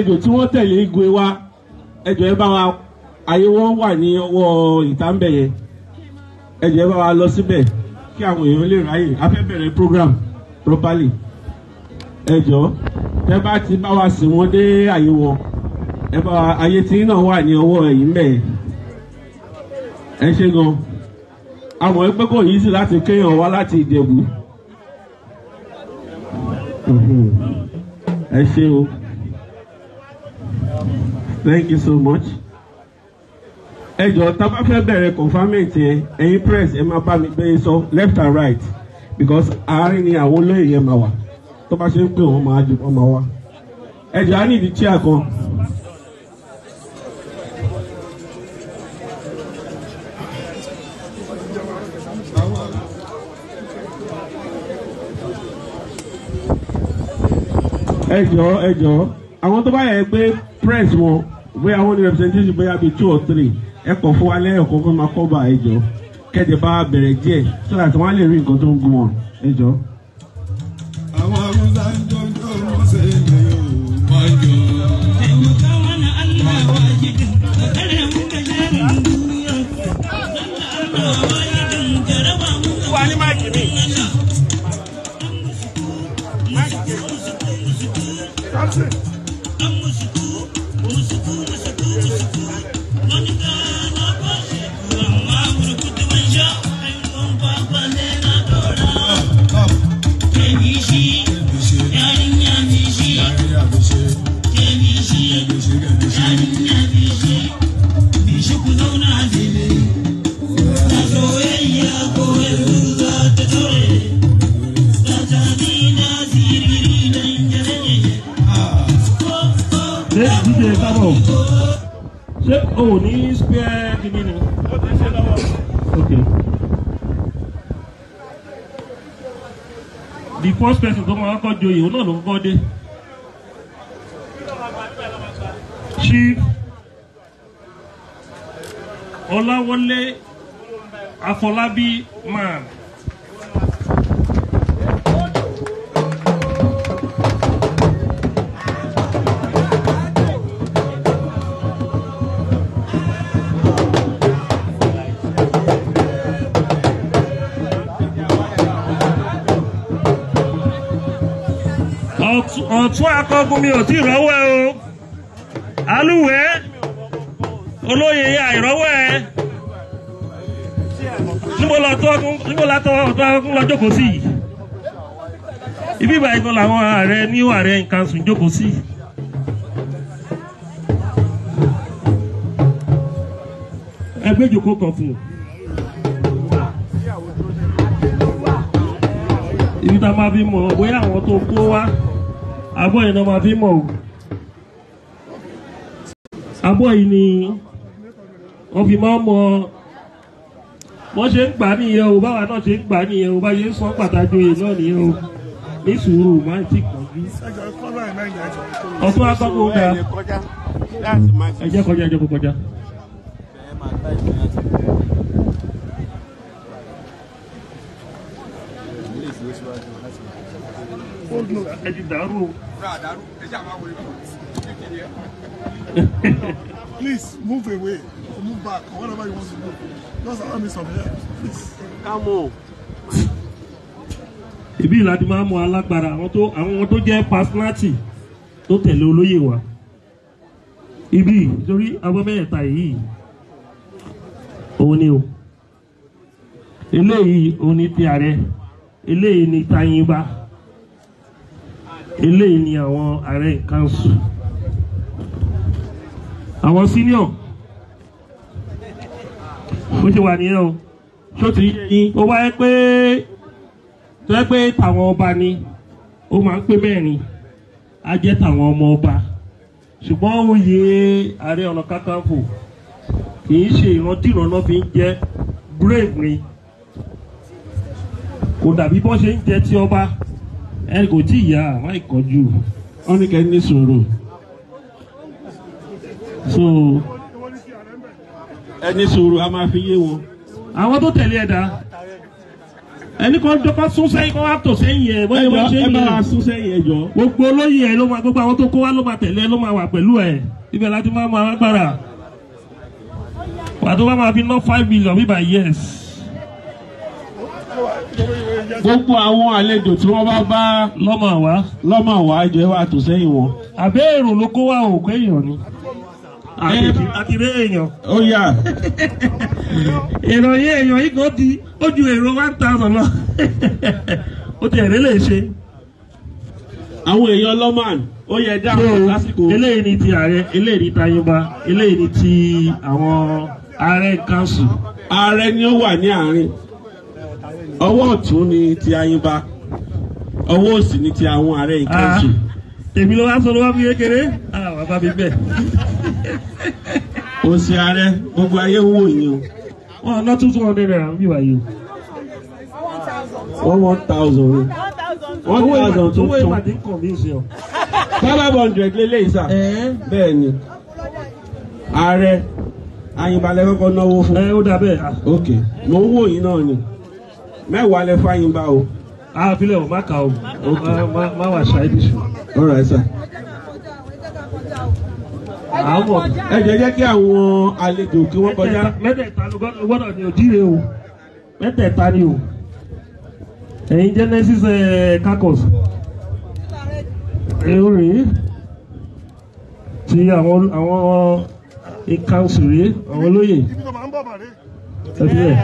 Speaker 2: àlejò tí wọ́n tẹ̀lé igwe wa ẹjọ́ ẹ bá wa àyè wọn wà ní ọwọ́ ìtàǹbẹ̀ yẹn ẹjọ́ ẹ bá wa lọ síbẹ̀ kí àwọn èèyàn lè ráyè a fẹ́ bẹ̀rẹ̀ program properly ẹjọ́ tẹ bá ti bá wa sìn wọ́n dé àyè wọn ẹ bá wa àyè tí náà wà ní ọwọ́ ẹ̀yìn bẹ́ẹ̀ ẹ ṣe gan àmọ́ ẹgbẹ́ kò yí sí láti kéèyàn wá láti Ìjẹ̀bú ẹ ṣe o thank you so much. ẹ jọ tá a bá fẹ́ yẹn ẹ̀yin press ẹ máa bá mi gbé sọ left and right because àárín ni àwọn olóyè yẹn máa wà tó bá ṣe ń pè wọ́n máa jù máa wá. ẹ jọ á ìdí chair kan. ẹ jọ ẹ jọ àwọn tó bá yẹ pé press wọn bóyá wọn ní representation bóyá bíi two or three ẹ kọ fún wa lẹ́yìn ọ̀kọ̀ọ̀kan máa kọ́ bá ẹjọ́ bá bẹ̀rẹ̀ díẹ̀ so that wọ́n á lè rí nǹkan tó ń gún wọn ẹjọ́. ṣé o ò ní spare kìíní ni. ó ti ṣe lọ́wọ́. the first person tó máa kọ́ joyè òun náà ló kọ́kọ́ dé. Chief Ọláwọlé Afọlábí máa. ọ̀tún akọgun mi ò tí rọ́wọ́ ẹ o alúwẹ̀ olóyè àìrọ́wọ́ ẹ níbo látọ̀ ọ̀tún akọgun lọ jókòó sí ibi ìbàyìí kan làwọn ààrẹ new ààrẹ nǹkan sùn jókòó sí yìí. ẹgbẹ́ ìjòkó kan fún un. ibi tá a máa fi mọ̀ bóyá àwọn tó kó wá abọ́ yìí ni wọ́n máa fi mọ̀ o abọ́ yìí ni wọ́n fi máa ń mọ wọ́n ṣe ń gbà nìyẹn o báwa náà ṣe ń gbà nìyẹn o bá ṣe ń sọ pàtàkì oyè náà nìyẹn o ní sùúrù máa ti kàn bí. ọ̀tún akọ́kọ́ ga ẹ kọjá ẹ kọjá.
Speaker 1: Please move away move back or whatever you want to do. Just allow me some help, please. Come on.
Speaker 2: Ibi ìlàdí máa ń mọ alágbára àwọn tó àwọn tó jẹ́ personality tó tẹ̀lé olóyè wa. Ibi nítorí abọ́ mẹ́ta yìí òun ni o. Eléyìí òun ni ti ààrẹ. Eléyìí ni tayinba eléyìí ni àwọn ààrẹ kanṣu àwọn senior ó ti wà nìyẹn o tó ti yé yín ó wáyé pé tó yẹ pé tàwọn ọba ni ó máa ń pé mẹ́rin á jẹ́ tàwọn ọmọ ọba ṣùgbọ́n oyè ààrẹ ọ̀nà kakanfò kì í ṣe ìrandíran náà fi ń jẹ́ brave ni kò dàbí bọ́n ṣe ń jẹ ti ọba ẹni kò tí ìyá àwọn ìkọjú wọn ní kẹ́ ní sòrò so ẹni sòrò a máa fi yé wọn. àwọn tó tẹ̀lé ẹ̀dá ẹni kan dọ́kọ́ sún sẹ́yìn kọ́ wá tò sẹ́yìn ẹ̀ bóyá wọ́n ṣe ń yẹ sún sẹ́yìn ẹ̀ jọ. gbogbo olóyè ẹ ló máa gbogbo àwọn tó kó wá ló máa tẹ̀lé ló máa wà pẹ̀lú ẹ̀ ibẹ̀ láti máa mọ agbára wà tó bá máa fi ná five million bíbá yes gbogbo àwọn àlejò tí wọ́n bá bá lọ́mọ àwa lọ́mọ àwa jẹ́ wà tó sẹ́yìn wọn. àbẹ́ ló kó wá òkú èèyàn ni. àkìrẹ́ èèyàn. ó yà. ìròyìn èèyàn yìí kan di ojú èrò one thousand lọ ó ti ẹ̀rẹ́ lè ṣe. àwọn èèyàn lọ́màn ó yẹ dáhùn lásìkò. eléyìí ni ti ààrẹ eléyìí ni tayọba eléyìí ni ti àwọn ààrẹ kanṣu. ààrẹ ni ó wà ní àárín ọwọ́ ọ̀tún ni ti Ayínbá ọwọ́ òsì ni ti àwọn ààrẹ ìkànnì. Ah, èmi ló wá sọ ló wá fún kékeré ah, àwọn bàbá mi bẹ́ẹ̀. òsì ààrẹ gbogbo ayé wò yín o. wọn ò ná two two hundred naira bí wàá yìí o. one one thousand o. one thousand tó tún. owó ìpàdé kàn mí ṣe o. five hundred lélẹ́yìí sà. bẹ́ẹ̀ ni ààrẹ Ayínbá lẹ kọ́kọ́ náwó fún. ẹ ó dà bẹ́ẹ̀. Ah. ok mo ń wò yín náà ni mẹ́wàá lẹ fáyín bá o. àfilẹ̀ ah, o má kà o má wà ṣáìdì sùn. ọ̀rọ̀ ẹ̀ sà.
Speaker 4: àwọn ẹ jẹ́ jẹ́ kí àwọn
Speaker 2: àlejò kí wọ́n kọjá. mẹ́tẹ̀ẹ̀ta ló gbọ́dọ̀ ní òdìrè o mẹ́tẹ̀ẹ̀ta ni o ẹ̀yin Genesis eh, kakos èrè ti àwọn àwọn ìkànsìrè àwọn olóyè ẹ fi bẹ́ẹ̀.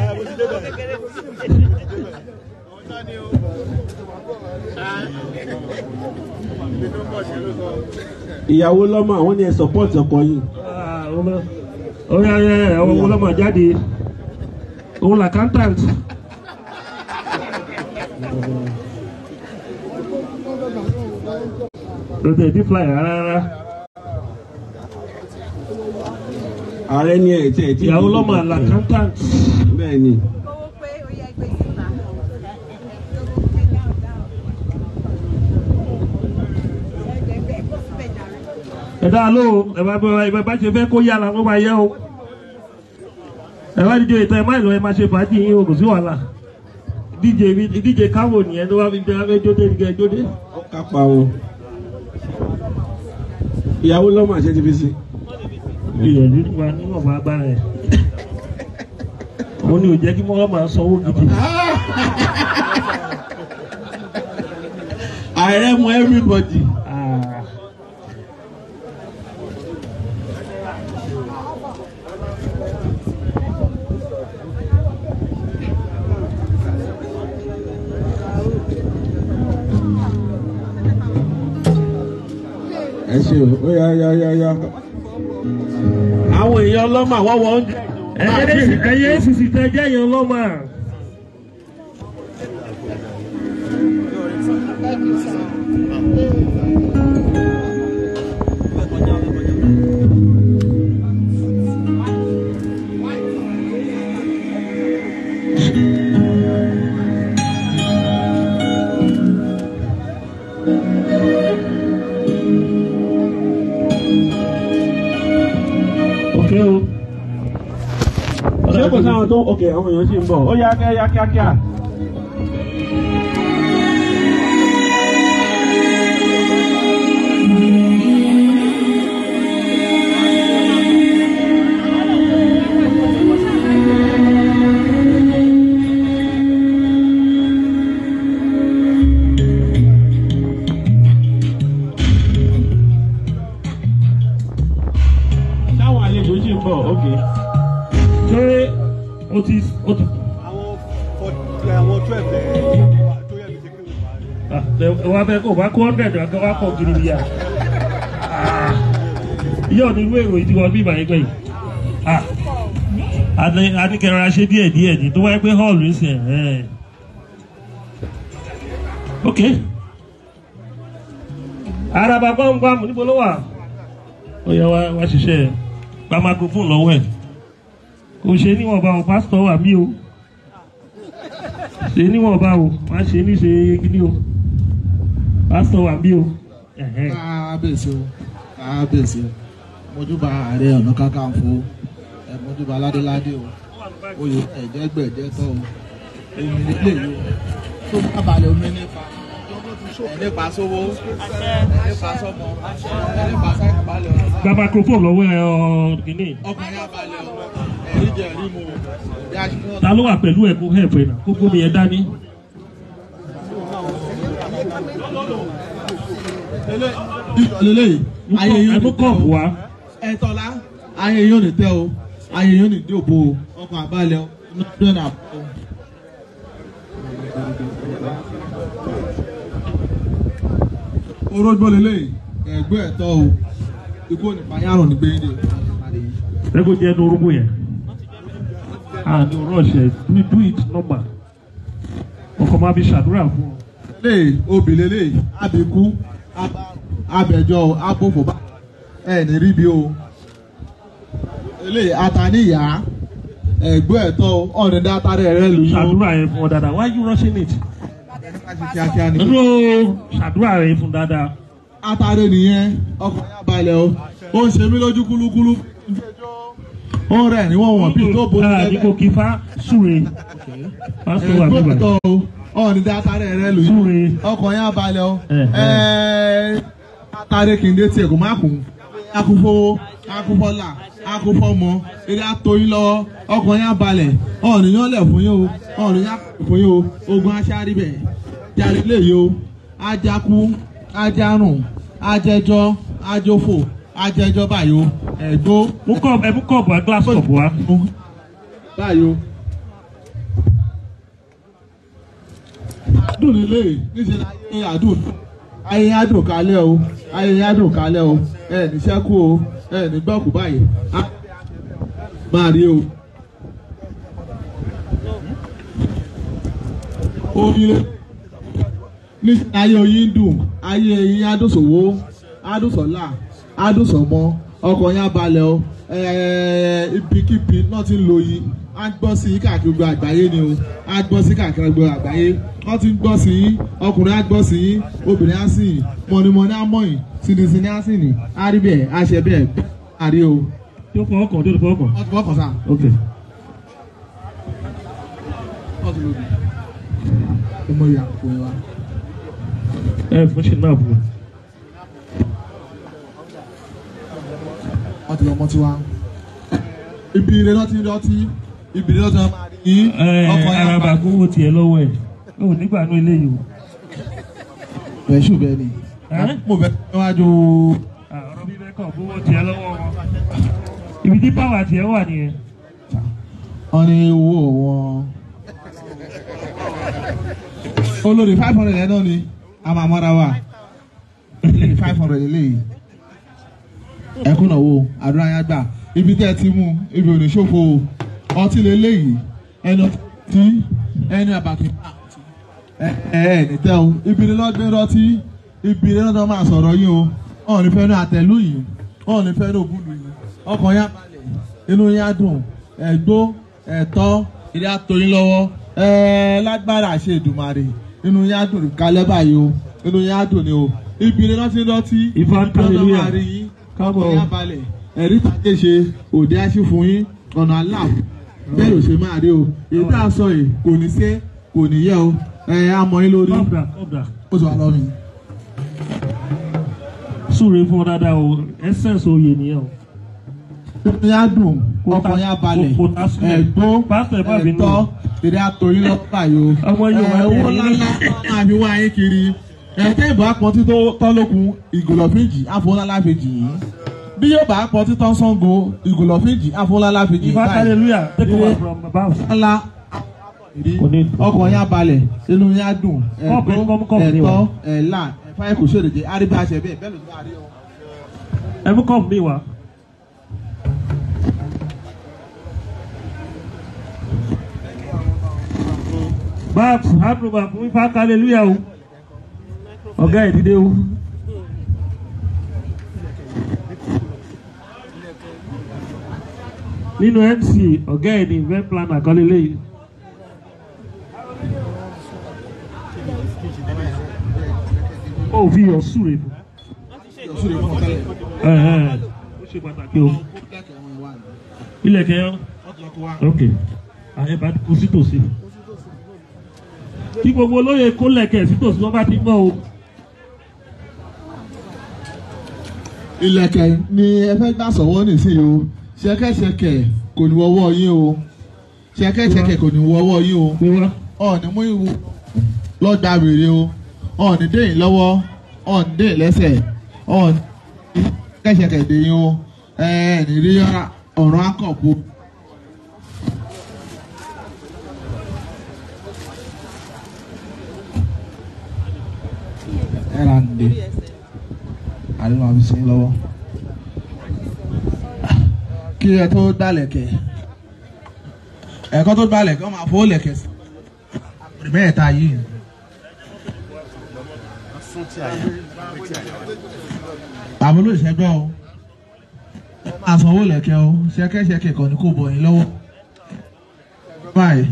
Speaker 2: ìyàwó lọ́mọ àwọn ni ẹ support ọkọ yìí. ó yà yà àwọn ọmọ lọ́mọ jáde òun là accountant. lọ́tọ̀ ẹ̀dí fly rárá. ààrẹ ni ẹ̀ tí tí. ìyàwó lọ́mọ là accountant. bẹ́ẹ̀ ni. ẹ̀dá lóhùn ẹ̀bá bá ṣe fẹ́ kó yá la wọ́n máa yẹ o ẹ̀wá díje ìtàn ẹ̀ má lọ ẹ̀ máa ṣe fàájì yín o kò sí wàhálà díje díje káwọ̀ nìyẹn ló wá fi bẹ́ẹ̀ fẹ́ jóde nìkẹ́ jóde. ó kápá o ìyàwó lọ́mọ àṣẹ ti fi si. ìyẹ̀dú wa níwọ̀n máa gbára ẹ̀ mo ní òjẹ́ kí wọ́n máa sanwó gidi. Ah!
Speaker 1: I am everybody. ṣe o ó yá yá yá yá. àwọn èèyàn ọlọ́mọ àwọn
Speaker 2: ń jẹ́ ẹ̀yẹ́ èsì sì tẹ́ jẹ́ èèyàn ọlọ́mọ. jókòó sáwọn tó ok àwọn èèyàn sì ń bọ̀ ó yá kíákíá. wa fẹ́ kó wa kó hundred wa kó wa kó kiri bi ya ah. yóò ní wéèrò ìdí wọn bí ìbàyẹ gbẹ yìí anikẹrọra ah. ṣe díẹ̀ díẹ̀ ní tó wáyé pé hall ń sẹ ẹ ok araba gbọǹgbà mo níbo ló wà ó yẹ wá wá ṣiṣẹ́ gba microphone lọ́wọ́ ẹ kò ṣe níwọ̀nba o pásítọ̀ wà mí o ṣe níwọ̀nba o má ṣe ní ṣe kíní o pásítọ̀ wà bí o. kábíyèsí
Speaker 1: ah, ah, o kábíyèsí ah, o mojúbà ààrẹ ọ̀nà kakanfò ẹ mojúbà ládéládé o oyè ẹ̀ẹ́dẹ́gbẹ̀ẹ́dẹ́ tọ́ o omi nílé yìí o tó bá balẹ̀ omi nípa nípa sówó nípa sọmọ nípa sákàbalẹ̀ ọ̀rọ̀. gba microphone
Speaker 2: lọ́wọ́ ẹ ọ kìíní.
Speaker 1: ọkùnrin abalẹ̀ ọ̀rọ̀ ẹ̀rí jẹ̀rí mu. ta
Speaker 2: ló wà pẹ̀lú ẹ̀kú hẹ̀pẹ̀ náà kókó mi yẹn dání.
Speaker 1: lélẹ́yìí ayé yóò ní tẹ́ o ẹ̀tọ́lá ayé yóò ní tẹ́ o ayé yóò ní dòbò ọkọ̀ àbálẹ̀ ọdún náà. orógbó lélẹ́yìí ẹ̀gbẹ́ ẹ̀tọ́ o ikú òní fàyàrọ̀ ní gbẹ́yìndé. ẹgbẹ́ jẹ́ ẹnu orógbó
Speaker 2: yẹn and rush we do it normal
Speaker 1: ọkọ̀ ma fi ṣàdúrà fún ọ. lè obìnrin lè àbíkú abẹjọ abófò bá ẹ ní o eléyìí ataniya ẹgbẹ́ ẹ̀tọ́ ọ̀rìn dáta rẹ̀ lóyún. ṣàdúrà yẹn fún ọ dáadáa why you rushing it. nínú ṣàdúrà yẹn fún dáadáa. atare nìyẹn ọkọ̀ yà balẹ̀ o ó ń ṣe mí lójú kúlúkúlú ó rẹ̀ níwọ̀n wọ̀n bí tó bo ní ẹgbẹ́. àdìgbò kí fa súre. ẹgbẹ́ ẹ̀tọ́ o ọ̀ọ́nì dákàrẹ́ rẹ lóyún ọkọ̀ yẹn abalẹ̀ ọ tààrẹ kì í dé tiẹ̀ kò má kùn akúfọwọ́ akúfọlà akúfọmọ eré atoyin lọ́wọ́ ọkàn yẹn abalẹ̀ ọ̀nì yẹn lẹ̀ fún yín o ọ̀nì yẹn fún yín o ogun aṣáárí bẹ̀ jàre léyìí o ajakú ajarun ajẹjọ ajofo ajẹjọ báyìí o ẹgbó. mú kọ́ọ̀bù ẹ mú kọ́ọ̀bù ẹ gílásì kọ̀ọ̀bù wa. báyìí o. adùn nílé níṣẹ́ ayé adùn ayé adùn kalẹ̀ o ayé adùn kalẹ̀ o ẹ ní sẹ́kù o ẹ ní gbọ́kù báyìí á máa rí o. oyin níṣẹ́ ayé oyin dùn ayé yín adùnsòwò adùnsọ̀là adùnsọ̀mọ ọkọ̀ yín abalẹ̀ o ibikíbi náà ti ń lo yìí á gbọ́ sí i káàkiri gbogbo àgbáyé ni o á gbọ́ sí káàkiri gbogbo àgbáyé wọ́n ti ń gbọ́ sí i ọkùnrin á gbọ́ sí i obìnrin á sì yìn mọ̀nìmọ̀nì á mọ̀ yìn sinisini á sì yìn á rí bẹ́ẹ̀ á ṣe bẹ́ẹ̀ àrí o. tó kọ ọkọ tó tó kọ. ọtí fọkàn sá. ok. ọmọ ìyá kò wá. ẹ fún ṣe náà bù. ọtí ọmọ tiwa ibi ilé lọ́tí lọ́tí ibìrì lọ́sàn-án máa rí ọkọ̀ yẹn. araba kó o tiẹ̀ lọ́wọ́ ẹ̀
Speaker 2: o nígbà náà eléyìí o.
Speaker 1: bẹ́ẹ̀ ṣù bẹ́ẹ̀ ni.
Speaker 2: mo bẹ níwájú. ọ̀rọ̀ bíbẹ́ kọ̀ kó o tiẹ̀ lọ́wọ́ wọn. ibi tí pàwọ̀ tiẹ̀ wà nìyẹn.
Speaker 1: wọ́n ní owó wọn. olórí five hundred ẹ̀ náà ni a máa mọ́ra wa five hundred eléyìí ẹ̀kúnnáwó àdúrà yá ibi tẹ́ ẹ ti mú ibi ò ní ṣòfò o ọtí lélẹ́yìí ẹni ọtí ẹni àbàkì ẹni tẹ́ o ibi ni lọ́ọ́ gbé rọtí ibi ni lọ́ọ́ máa sọ̀rọ̀ yín o ọ̀n ní fẹ́ẹ́ ní àtẹ̀lú yìí ọ̀n ní fẹ́ẹ́ ní òbúlù yìí ọkàn yá balẹ̀ inú yá dùn ẹ̀gbó ẹ̀tọ́ ìdí àtòyìn lọ́wọ́ ẹ̀ẹ́ lágbára àṣẹ Èdùmàrè inú yá dùn kálẹ́ báyìí o inú yá dùn ni o ibi ni lọ́ọ́ ti rọtí ìfọ̀ntàn ìlú yà kábọ̀ ẹ̀rí tàjẹ́ ṣe òde àṣìfún yín ọ̀nà aláàfin bẹ́ẹ̀ ló ṣe máa rí o èyí tá a sọ yìí kò ní ṣe kò ní yẹ o ẹ amọ̀ yín lórí ó sọ àlọ́ mi.
Speaker 2: súre fún ọ dáadáa o ẹsẹ̀nsì oyè nìyẹn o. ọkùnrin á dùn ọkùnrin
Speaker 1: á balẹ̀ ẹ̀gbọ́ ẹ̀tọ́ tèrè àtọyín lọ́pàá yìí o owó ńláńlá máa fi wá ayé kiri ẹ̀ẹ́dẹ́gbà kan tí tó tọ́lókun ìgòlọ́fíjì àfọwọ́nlá láfẹ́jì bí yóò bá pọ̀ títọ́ Ṣàngó ìgòlò fèjì afúnlálá fèjì báyìí ọkàn yà balẹ̀ inú yà dùn ẹ̀tọ́ ẹ̀tọ́ ẹ̀là fáyẹ kò ṣe òdèjì àríbá ṣe bẹ́ẹ̀ bẹ́ẹ̀ ló ń bá rí ọ.
Speaker 2: ẹ mú kọ́ọ̀mù mi wá. báàpù hàpùrù bàpù wípé akalẹ̀ lúyà o ọ̀gá ẹ̀ dídé o. nínú MC ọ̀gá ẹ̀ ní event planner kọ́lé léyìí. ó fi ọ̀sùn rẹ̀ fún.
Speaker 1: ọ̀sùn rẹ̀ fún ọ̀kálẹ̀.
Speaker 4: ó ṣe
Speaker 2: pàtàkì o. ilẹ̀ kẹyọ. ok àyẹ̀ bá kú sí tòsí. kí
Speaker 1: gbogbo olóyè kó lẹ̀kẹ̀ sí tòsí wọ́n bá ti gbọ́ o. ìlẹ̀kẹ̀ ni ẹ fẹ́ gbà sọ̀wọ́ nìsín o ṣẹ̀kẹ̀ṣẹ̀kẹ̀ kò ní wọ́wọ́ yín o ṣẹ̀kẹ̀ṣẹ̀kẹ̀ kò ní wọ́wọ́ yín o ọ̀ọ́nì mú ìwú lọ́gbà o ọ̀ọ́nì dẹ̀yìn lọ́wọ́ ọ̀ọ́nì dẹ̀yìn lẹ́sẹ̀ ọ̀ọ́nì ṣẹ̀kẹ̀ṣẹ̀kẹ̀ dẹ̀yìn o ẹ̀ẹ́nì rí ọ̀rọ̀ akọ̀pọ̀. ẹ̀ràn dé àdéhùn àbísí lọ́wọ́ kí ẹ tó dálẹ̀kẹ̀ ẹ̀kọ́ tó dálẹ̀kẹ̀ ọmọ àfọwọ́ lẹ̀kẹ̀ sí mẹ́ẹ̀ta yìí. àbúrò ìṣẹ́jọ́ o máa sanwó lẹ̀kẹ̀ o ṣẹkẹ́ṣẹkẹ̀ kàn ní kò bọ̀ yín lọ́wọ́. báyìí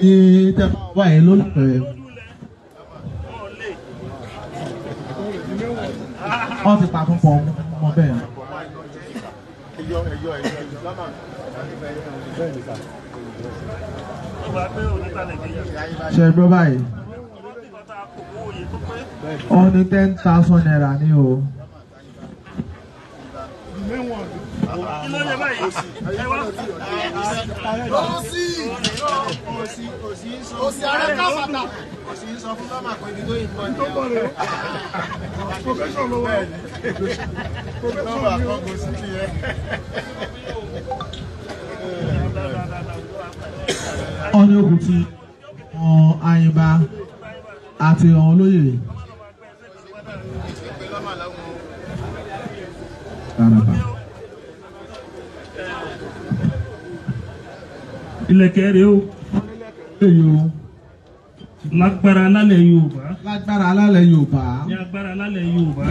Speaker 1: ní tẹ́fà báyìí ló lọ́rẹ̀ wọ́n ti pa fún pọ̀ ọmọ bẹ́ẹ̀
Speaker 5: ẹjọ́
Speaker 2: ẹjọ́ ìsìlámà ṣe gbọ́ báyìí ó
Speaker 1: ten thousand naira ní o. kí
Speaker 5: ló yẹ
Speaker 1: báyìí òsì ààrẹ káfàtà òsì sọ fún lọ́mà pé ibi tó yìí
Speaker 5: bọ̀ ní ọ̀rẹ́ pòfẹ́sọ̀ ló wà
Speaker 1: pòfẹ́sọ̀
Speaker 5: ló wà kò sí ti yẹ.
Speaker 1: ọ̀nà ogun ti ọ̀n àyìnbá àti ọ̀n olóyè. Thank you.
Speaker 2: ìlẹ̀kẹ̀ rẹ̀ o lagbara lágbára alálẹ̀ yorùbá. lágbára alálẹ̀ yorùbá. ní agbára alálẹ̀ yorùbá.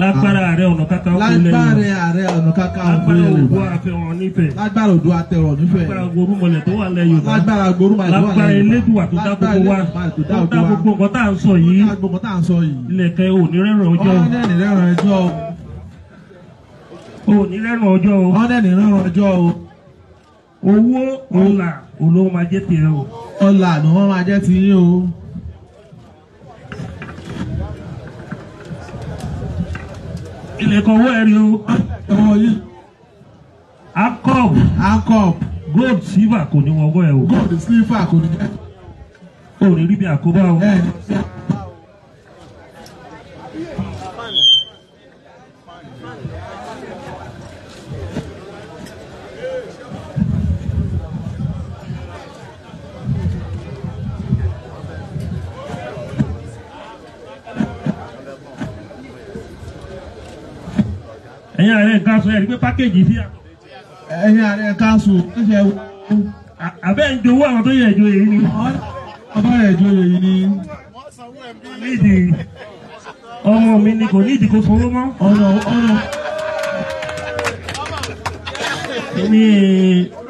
Speaker 2: lágbára ààrẹ
Speaker 1: ọ̀nà kakanfò lẹ́yìn. lágbára ààrẹ ọ̀nà kakanfò lẹ́yìn. lágbára odò àtẹ̀wọ̀n lagbara lágbára odò àtẹ̀wọ̀n nífẹ̀. lágbára gorúmọlẹ̀ tó wà lẹ́yìn yorùbá. lágbára gorúmọlẹ̀ tó wà lẹ́yìn lagbara lágbára
Speaker 2: elédùwà tó dá gbogbo wa. tó dá gbogbo nǹkan tá à ń sọ yìí. ilẹ̀kẹ̀ onírẹ̀rọ̀ ọjọ́. onírẹ̀rọ̀
Speaker 1: ọjọ́ o owó ọ̀la olówó máa jẹ́ tìrẹ o. ọ̀la ni wọ́n máa jẹ́ ti yín o. ilẹ̀kùn owó ẹ̀rí o.
Speaker 2: akọp akọp gold silver kò ní wọ́n gbọ́ ẹ o. gold silver kò ní jẹ́. o ò ní rí bí àkóbá o. ẹ̀yin ààrẹ nǹkan aṣọ ẹ̀rí pé pákéjì sí àtọ̀.
Speaker 1: ẹ̀yin ààrẹ nǹkan aṣọ ẹ̀ṣẹ̀ wo. àbẹ́ ń jowó àwọn tó yẹ ìjọ yìí ni. ọba rẹ̀ ìjọ yìí ni. nídìí
Speaker 2: ọmọ mi ni kò nídìí kó fowó mọ́. ọ̀nà ọ̀nà. èmi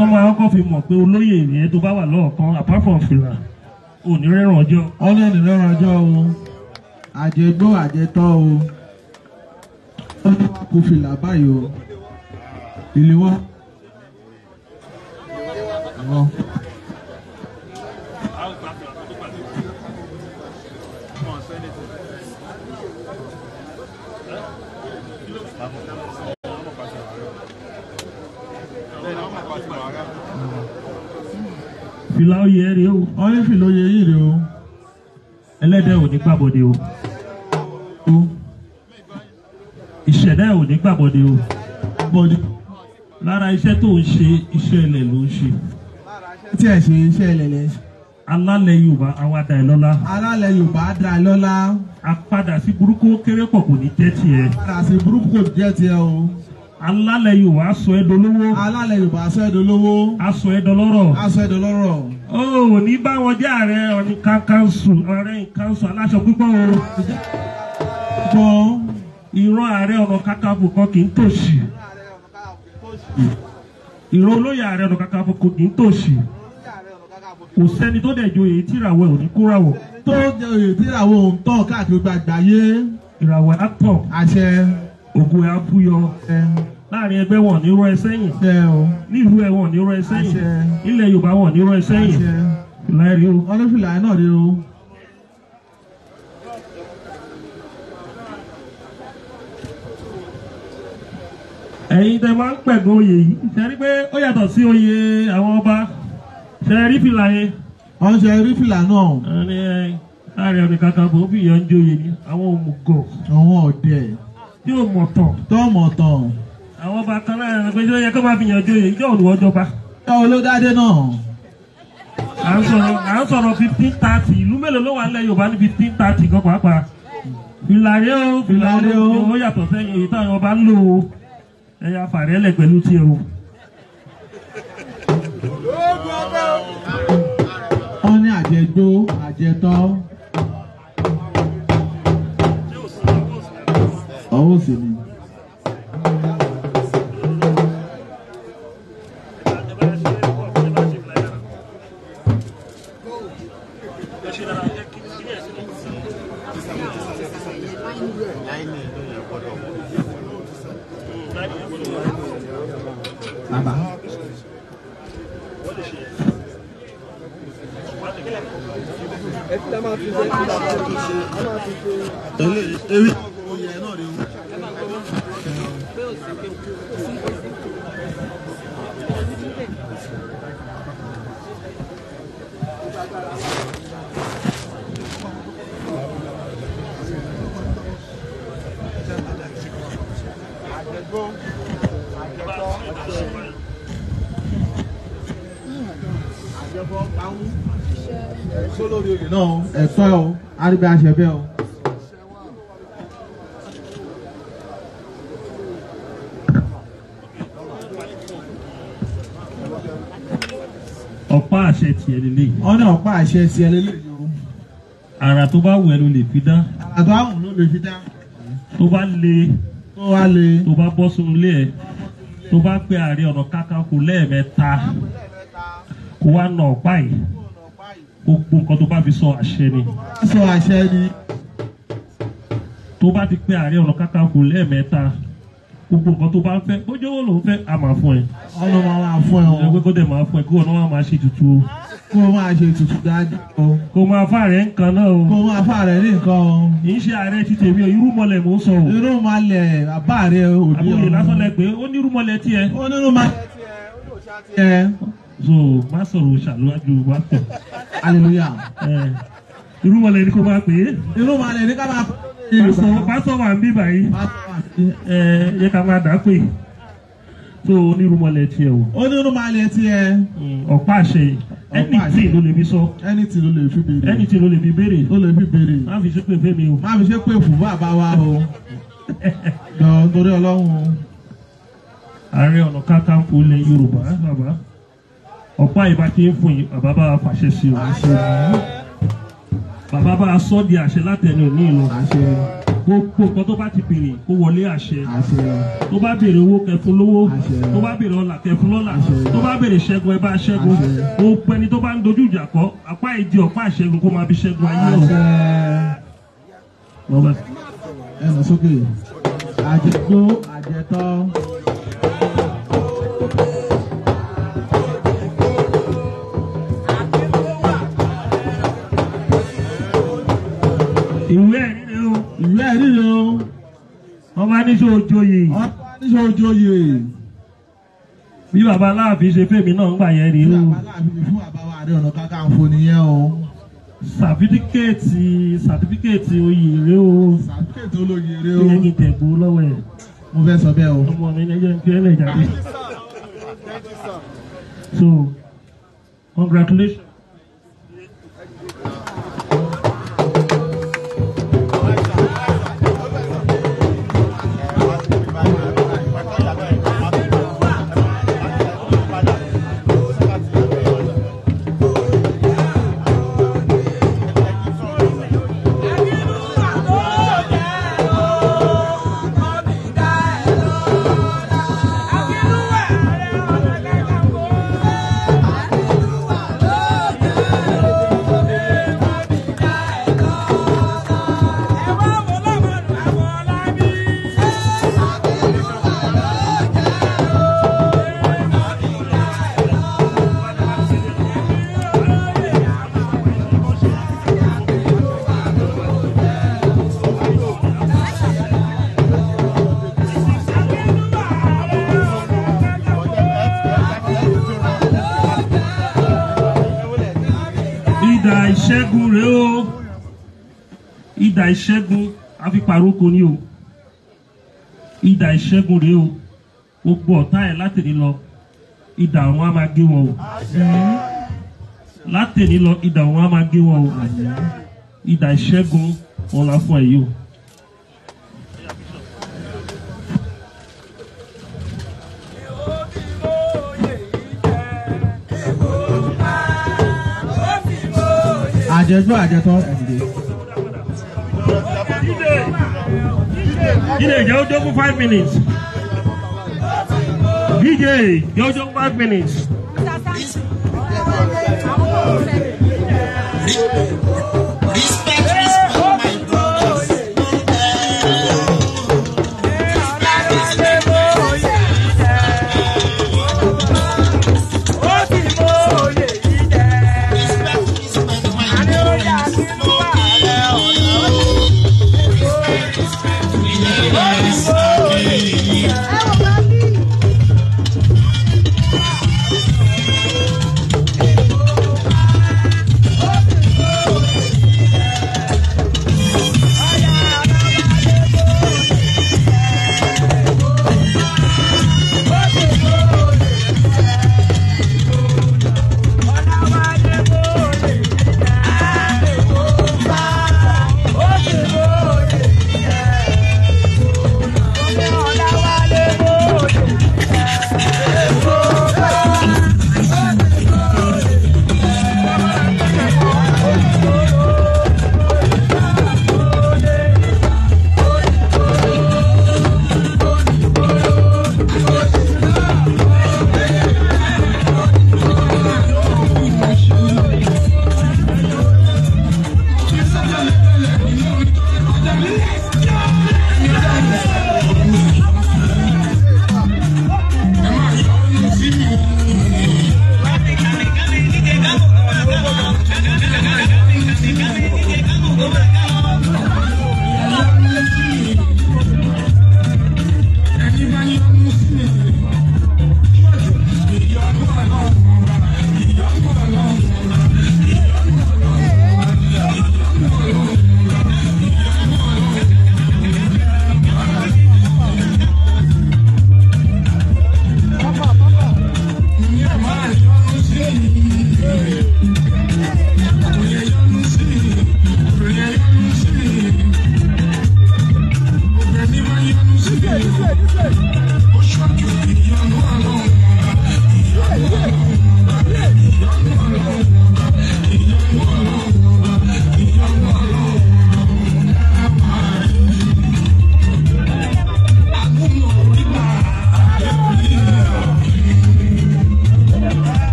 Speaker 2: ọmọ àwọn kan fi mọ̀ pé olóyè yẹn tó bá wà lọ́ọ̀kan apart from
Speaker 1: fìlà òní rẹ̀rùn ọjọ́. ọ̀nà ìrẹ̀rùn ọjọ́ o àjẹgbó àjẹtọ́ o kò fi là báyìí o ìlú wa.
Speaker 2: fìlà oyè rèé o ọyẹ fìlà oyè yìí rèé o ẹlẹ́dẹ̀ ò ní gbàbọ̀dé o ìṣẹ̀lẹ̀ ò ní gbàgbọ́dé o gbọ́dé lára iṣẹ́ tó ń ṣe iṣẹ́ ilẹ̀ ló ń ṣe. tí ẹ ṣe iṣẹ́ ilẹ̀ lẹ. alálẹ̀ yorùbá àwa dá ẹ lọ́lá. alálẹ̀ yorùbá dá ẹ lọ́lá. àpadà sí burúkú kéré pọ̀ kò ní jẹ́ tiẹ̀. àpadà sí burúkú kò ní jẹ́ tiẹ̀ o alálẹ̀ yorùbá sọ ẹ́ dolówó. alálẹ̀ yorùbá sọ ẹ́ dolówó. aṣọ ẹ́ dọlọ́rọ̀. aṣọ ẹ́ dọlọ́rọ̀. ó ò ní bá wọn jẹ́ ààrẹ ọ̀nì kankanṣu ọ̀rẹ́ ìkanṣu aláṣọ pípọ̀ o. gbọ́n ìran ààrẹ ọ̀nà kakanfò kan kì í tòṣì ìran olóyè ààrẹ ọ̀nà kakanfò kan kì í tòṣì kò sẹ́ni tó dẹ̀ joyè tìràwọ̀ ò ní kúràwọ̀. tó joyè tìràwọ̀ ò ń tọ̀ káàkiri gbàgbà yé. ìràwọ̀ á tọ̀. àṣẹ. ògùn ẹ̀ á búyọ. láàrin ẹgbẹ́ wọn ní rọ ẹ sẹ́yìn. nílùú ẹ wọn ní rọ ẹ sẹ́yìn. ilẹ̀ Yorùbá wọn ní rọ ẹ sẹ́yìn. ìlà ẹ̀rí o. ọlọ́fìlà náà rí o. ẹ̀yin tẹ máa ń pẹ̀gùn oyè yìí ṣe rí pé ó yàtọ̀ sí oyè àwọn ọba ṣe rí fìlà yẹn. wọ́n ṣe rí fìlà náà. ẹni ẹ láàrin ọ̀nì kankan bò ó fi yàn jóye ni àwọn òmùgọ̀. àwọn ọ̀dẹ̀. tí ò mọ̀ tàn. tó mọ̀ tàn. àwọn ọba kan láàrin ọ̀nà pé ó yẹ kó máa fi yàn jóye ìjọ olùwọ́jọba. ẹ ò ló dáadé náà. à ń sọ̀rọ̀ à ń sọ̀rọ̀ fifteen thirty ìlú mélòó ló wà nílẹ̀ Yorùbá fifteen thirty gan pàápàá. fìlà rẹ o fìlà rẹ o ó yàtọ̀ sẹ́yìn èyí táwọn ọba ń lò ó ẹ yà fàrẹ́ lẹ̀ pẹ̀lú tiẹ̀ o.
Speaker 1: wọ́n ní àjẹjó àjẹtọ́. ọwọ́ sì ni.
Speaker 2: àṣẹ ti ẹ lélẹ̀ yìí o. àrà tó bá wù ẹ́ ló lè fi dá. àrà tó bá wù ló lè fi dá. tó bá le. tó bá le. tó bá bọ́ sínú ilé ẹ̀ tó bá pé Ààrẹ Ọ̀nà Kakanfò lẹ́ẹ̀mẹ́ta kó wá nà ọ̀pá yìí gbogbo nǹkan tó bá fi sọ àṣẹ ni. sọ àṣẹ ni. tó bá ti pé Ààrẹ Ọ̀nà Kakanfò lẹ́ẹ̀mẹ́ta gbogbo nǹkan tó bá ń fẹ́ bójú owó lòún fẹ́ a fún ẹ. ọlọ́run máa fún ẹ o. ẹgbẹ́ kó dẹ̀ máa fún ẹ kó ọ̀nà máa ṣe tutù o kó máa ṣe tutù dájú. kò máa fà rẹ̀ nǹkan náà o. kò máa fà rẹ̀ ní nǹkan o. kì í ṣe ààrẹ ti tèmi o irúmọlẹ̀ mò ń sọ o. irúmọlẹ̀ bàbá rẹ òbí o. àbúrò lásán lẹ pé ó ní irúmọlẹ̀ tiẹ̀. ó ní irúmọlẹ̀ tiẹ̀ so má sọ̀rọ̀ ṣàlùwájú wa tọ̀. hallelujah. irúmọlẹ̀ ni kò máa pè é. irúmọlẹ̀ ni ká máa pè é. pásọ pásọ wà ń bí báyìí. yẹ ká máa dà á so onírúmọlẹ̀ tiẹ̀ o. onírúmọlẹ̀ tiẹ̀. Hmm. ọ̀pá àṣẹ anything ló lè fi sọ.
Speaker 1: anything ló lè fi béèrè. anything ló lè fi béèrè. ló lè fi béèrè. má fi ṣe pé fẹ́ o. má fi ṣe pé fún bàbá wa o. dọ̀ torí ọlọ́run o. ààrẹ ọ̀nà kakanfò
Speaker 2: ilẹ̀ yorùbá bàbá ọ̀pá ìbá tí ń fún bàbá bá a pàṣẹ sí o. bàbá bá a sọ́ di àṣẹ látẹnu ní ìlú gbogbo nǹkan tó bá ti bèrè kó wọlé àṣẹ tó bá bèrè owó kẹfún lówó tó bá bèrè ọlà kẹfún lọ́là tó bá bèrè ṣẹ́gun ẹ bá ṣẹ́gun gbogbo ẹni tó bá ń dojú ìjà kọ apá ìdí ọ̀pá àṣẹgun kó máa fi ṣẹ́gun ayé ọ̀hún.
Speaker 1: ẹnu sókè àjẹgbó àjẹtọ́.
Speaker 2: níṣó òjòyè. ọba níṣó òjòyè. bí bàbá aláàfin ṣe fèmí náà ń gbà yẹn rí o. bí bàbá
Speaker 1: aláàfin fún bàbá wa Ààrẹ Ọ̀nà
Speaker 2: Kakanfò nìyẹn o. sàfídíkèètì sàtífíkèètì oyè rẹ o. sàtífíkèètì olóyè rẹ o. ìyẹn kì í tẹ̀gbó lọ́wọ́ ẹ̀. mo fẹ́ sọ bẹ́ẹ̀ o. ọmọ mi ní ẹjẹ́ ń fi ẹlẹ́jà dé. so congratulations. ìṣẹ́gun àfipàrókò ni o ìdà ìṣẹ́gun rèé o gbogbo ọ̀tá ẹ̀ látẹ̀lé lọ ìdà àwọn á máa gé wọn o látẹ̀lé lọ ìdà àwọn á máa gé wọn o ìdà ìṣẹ́gun ọ̀la ẹ̀ yìí o.
Speaker 1: àjẹjọ́ àjẹtọ́
Speaker 2: ẹ̀ǹdẹ́. DJ, yo jogo five minutes. DJ, yo jogo five minutes.
Speaker 4: DJ.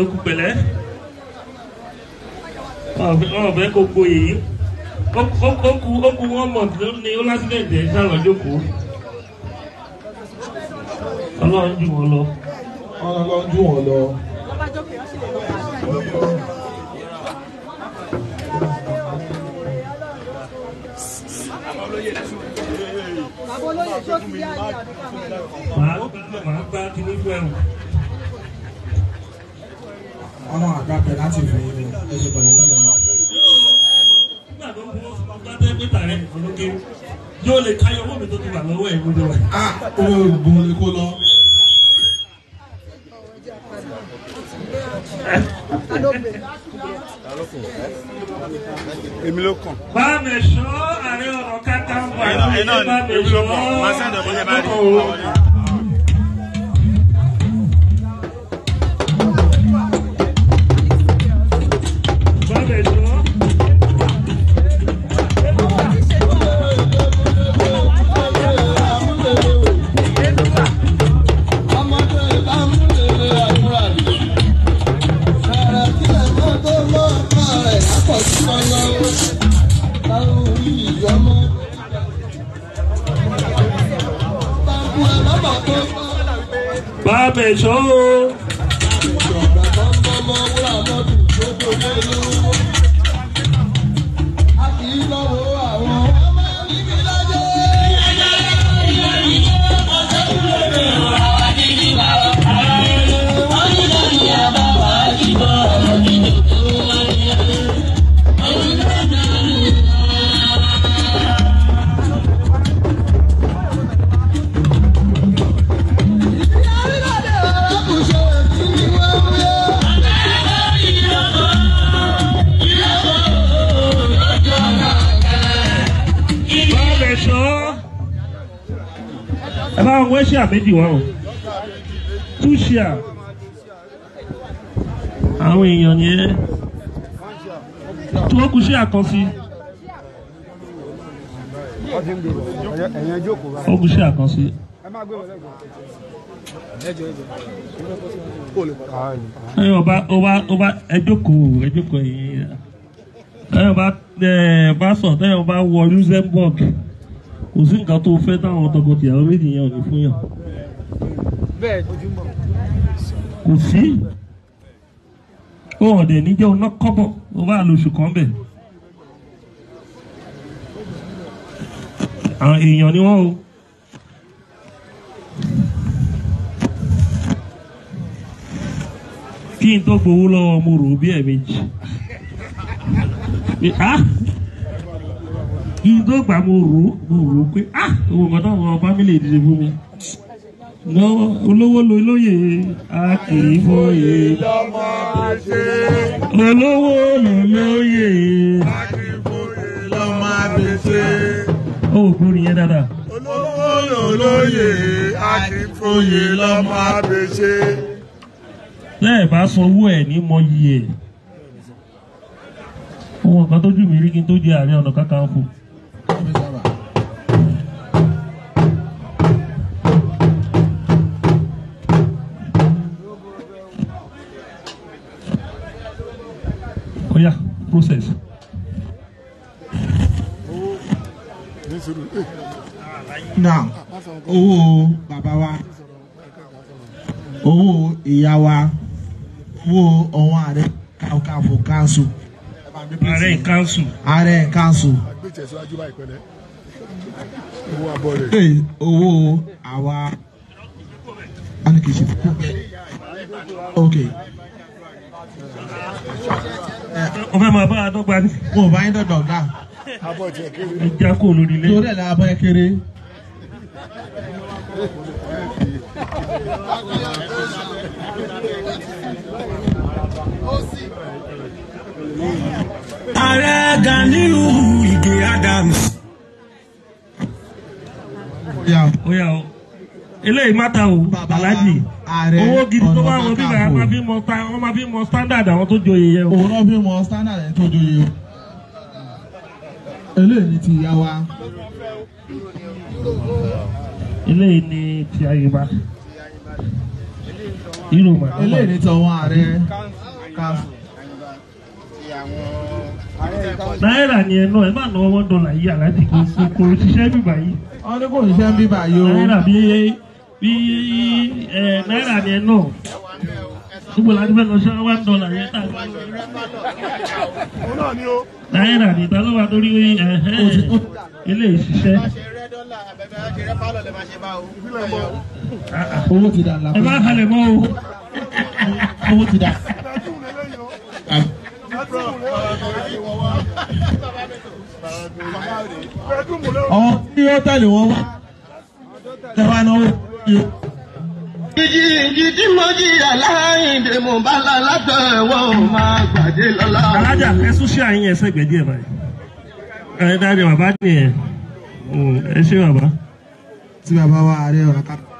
Speaker 2: lókù pẹ̀lẹ́ ọ̀fẹ́ gbogbo yìí ókú ókú one month ní ó lásìlẹ̀dì ẹ̀ sáà lọ́jọ́kù
Speaker 1: ọlọ́run jù wọ́n lọ. ọlọ́run jù wọ́n lọ.
Speaker 2: màá gbá kí ní fún
Speaker 1: láti fi ẹsẹ̀ pẹ̀lẹ́pẹ̀lẹ́ mọ́.
Speaker 2: nígbà tó ah, ń bọ́ yóò lè káyọ̀ owó mi tó ti wà lọ́wọ́ ẹ̀ gbọ́dọ̀ wà. a
Speaker 1: oògùn ni kó lọ.
Speaker 2: èmi ló kàn. bá mi sọ àárẹ̀ ọ̀rọ̀ ká tá ń bọ̀ àti bá mi sọ ọ́. kan sí. ẹ̀yin ọba ọba ọba ẹjọ́kòó ẹjọ́kòó ẹ̀yin ẹ̀yin ọba ẹ̀ bá sọ̀ tẹ́yìn ọba wọ Luxembourg kò sí nǹkan tó fẹ́ táwọn tọkọtìyàwó méjì yẹn ò ní fún yàn kò sí òun ọ̀dẹ̀ níjẹ́ ọ̀nà kọ́bọ̀ ó bá lóṣù kan bẹ̀. àwọn èèyàn ni wọ́n o. kí n tó gbowó lọ́wọ́ mo rò ó bí ẹ̀ẹ̀mejì ah! kí n tó gbà mo rò ó mo rò ó pé ah! owó kan náà wọn fámìlì ìdílé fún mi olówó lo olóyè a kì í olówó lo olóyè a kì í fòye
Speaker 3: lọ́mọ abẹ́sẹ̀.
Speaker 2: ó ò gbórin yẹn dáadáa.
Speaker 3: olówó lo olóyè
Speaker 5: a kì í fòye lọ́mọ abẹ́sẹ̀
Speaker 2: lẹ́ẹ̀ bá sanwó ẹ̀ ní mọyì ẹ̀ ohun ọ̀kan tójú mi rí kí n tó jẹ ààrẹ ọ̀nà kakanfò. oya process.
Speaker 4: now owó
Speaker 1: bàbá wa owó ìyá wa wo ọ̀hún ààrẹ ọ̀kàfọ̀ kanṣu.
Speaker 2: ààrẹ kanṣu.
Speaker 1: ààrẹ kanṣu. owó àwa anikeji kú bẹ́ẹ̀. ok. o fẹ́ máa bá a dọ́gba ni. mo bá yín dọ̀dọ̀ ọ̀gá.
Speaker 4: abọ́ ìtẹ̀ kéré. ìjà
Speaker 1: kò lórí ilé. torí ẹ̀ la abọ́ ẹ kéré.
Speaker 3: ààrẹ Ganiu
Speaker 2: Ige Adams. oya eléyìí mata o Alhaji owó gidi tó bá wọn
Speaker 1: fi mọ standard àwọn tó joyè yẹ o. òun náà fi mọ standard tó joyè o. eléyìí ti yá wa. eléyìí
Speaker 2: ni ti àyíbá irú màdá eléyìí ni tọwọn ààrẹ kanṣu. náírà ni ẹnu ẹ má náwó one dollar yìí aláàjì kò kò ṣiṣẹ́ bíbà yìí. wọ́n ní kò ṣiṣẹ́ bíbà yìí o. náírà bí bí ẹ náírà ni ẹnu gbogbo la dúpẹ́ lọ sí one dollar yẹn tà. náírà ni ìtàlọ́wà torí eléyìí ṣiṣẹ́
Speaker 1: owó ti dà lápò. ẹ bá halẹ̀ mọ́ o. owó ti dà. ọ̀hún ní ó tẹ̀lé wọn wá. ẹ wá náwó ìjì ìjì tí mo jìyà láàyìndé mo bá la
Speaker 2: látọ̀ ẹ̀wọ̀n máa gbàdé lọ́la. alájà ẹ sún sí àyín ẹsẹ̀ gbẹ̀dí ẹ̀ báyìí. ẹ dáre bàbá nìyẹn ẹ ṣé bàbá. tí bàbá wa Ààrẹ Ọ̀nà Kakanfò.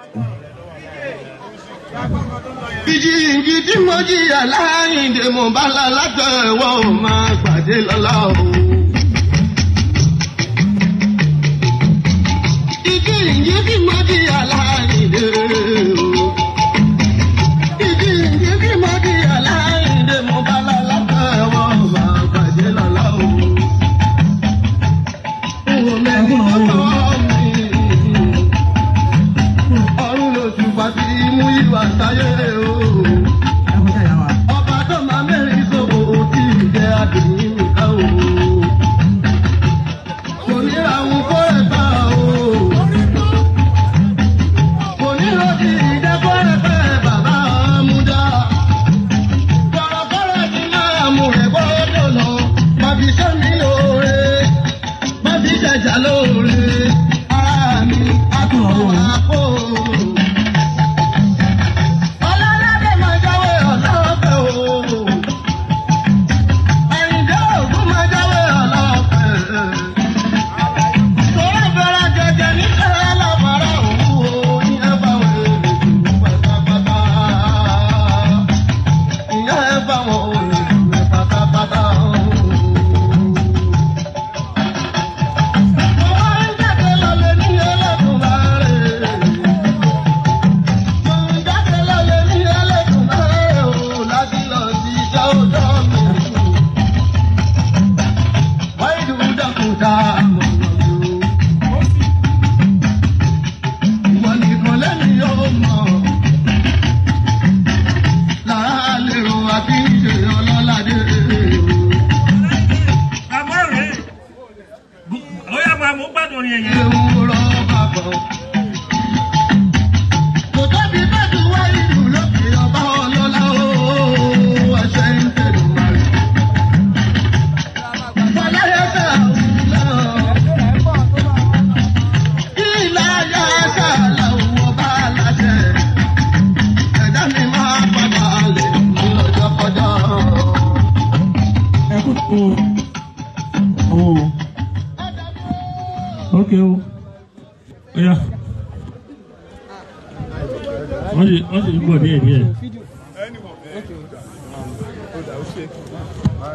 Speaker 5: ìjì ìgidì mo jìyà láyìndé mo bá la látọ̀ ẹ̀wọ̀ máa pàdé lọ́la o. ìjì ìgidì mo jìyà láyìndé.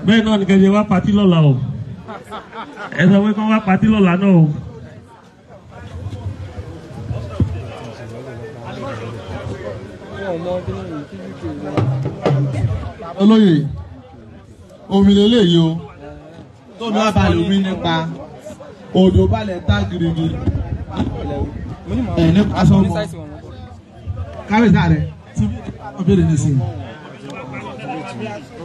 Speaker 2: bẹ́ẹ̀ náà ni kẹ́jẹ́ wá patí lọ́la o ẹ sọ pé kán wá patí lọ́la náà o.
Speaker 1: olóyè omi lélẹ́yìí o tómi abalẹ̀ omi nípa odò balẹ̀ tá girigi ẹ̀ ní aṣọ ọmọ kábíyèsí rẹ̀ tí ọbẹ̀ rẹ̀ ní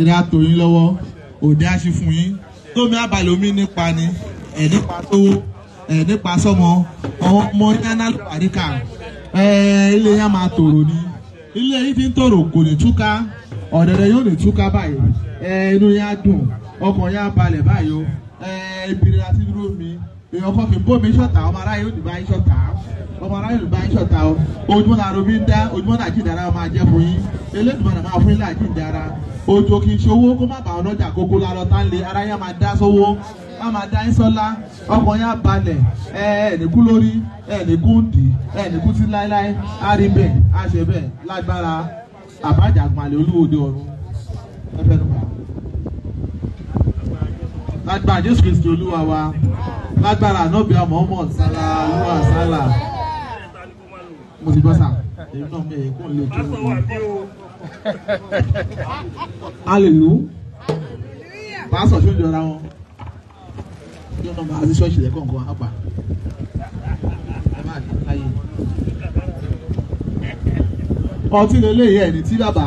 Speaker 1: eré àtò yín lọ́wọ́ òde àṣì fún yín tómi abàlómi nípa ni ẹ̀ nípa sówó ẹ̀ nípa sọmọ ọmọ yín alálùbáríkà ẹ̀ ilé yẹn máa tòrò ni ilé yìí ti ń tòrò kò ní túká ọ̀dẹ̀dẹ̀ yóò ní túká báyìí ẹ̀ inú yẹn á dùn ọkàn yẹn á balẹ̀ báyìí o ẹ̀ ìbìrì àti dúró mi èèyàn kan kì í bómi ṣọ̀tá ọmọ aráyé ò ní bá yín ṣọ̀tá ọmọ aráyé ò ní bá yín ṣọ̀tá o ojúmọ́ náà romi ń dá ojúmọ́ náà jìdára ọmọ ajẹ́ fún yín elédùnmọ́ náà máa fún yín láàjì ìdára òjò kì í ṣe owó kó má bàa ọlọ́jà gógó lárọ́ tá ń le aráyé á máa dá sówó á máa dá yín sọ́lá ọkàn yín á balẹ̀ ẹ ẹ nìkú lórí ẹ ń dì ẹ nìkú láéláé á lágbára Jésù Kristi olúwa wa lágbára ànábìá Muhammad sálá olúwa sálá mo ti gbọ́ sà èyí náà mi èkó lè tó o. alelu pásọ tó jọra wọn yóò náà máa ṣe ṣọ́ọ̀ṣì lẹ́kọ̀ọ̀kan àpà ọtí lélẹ́yìn ẹni tí bàbá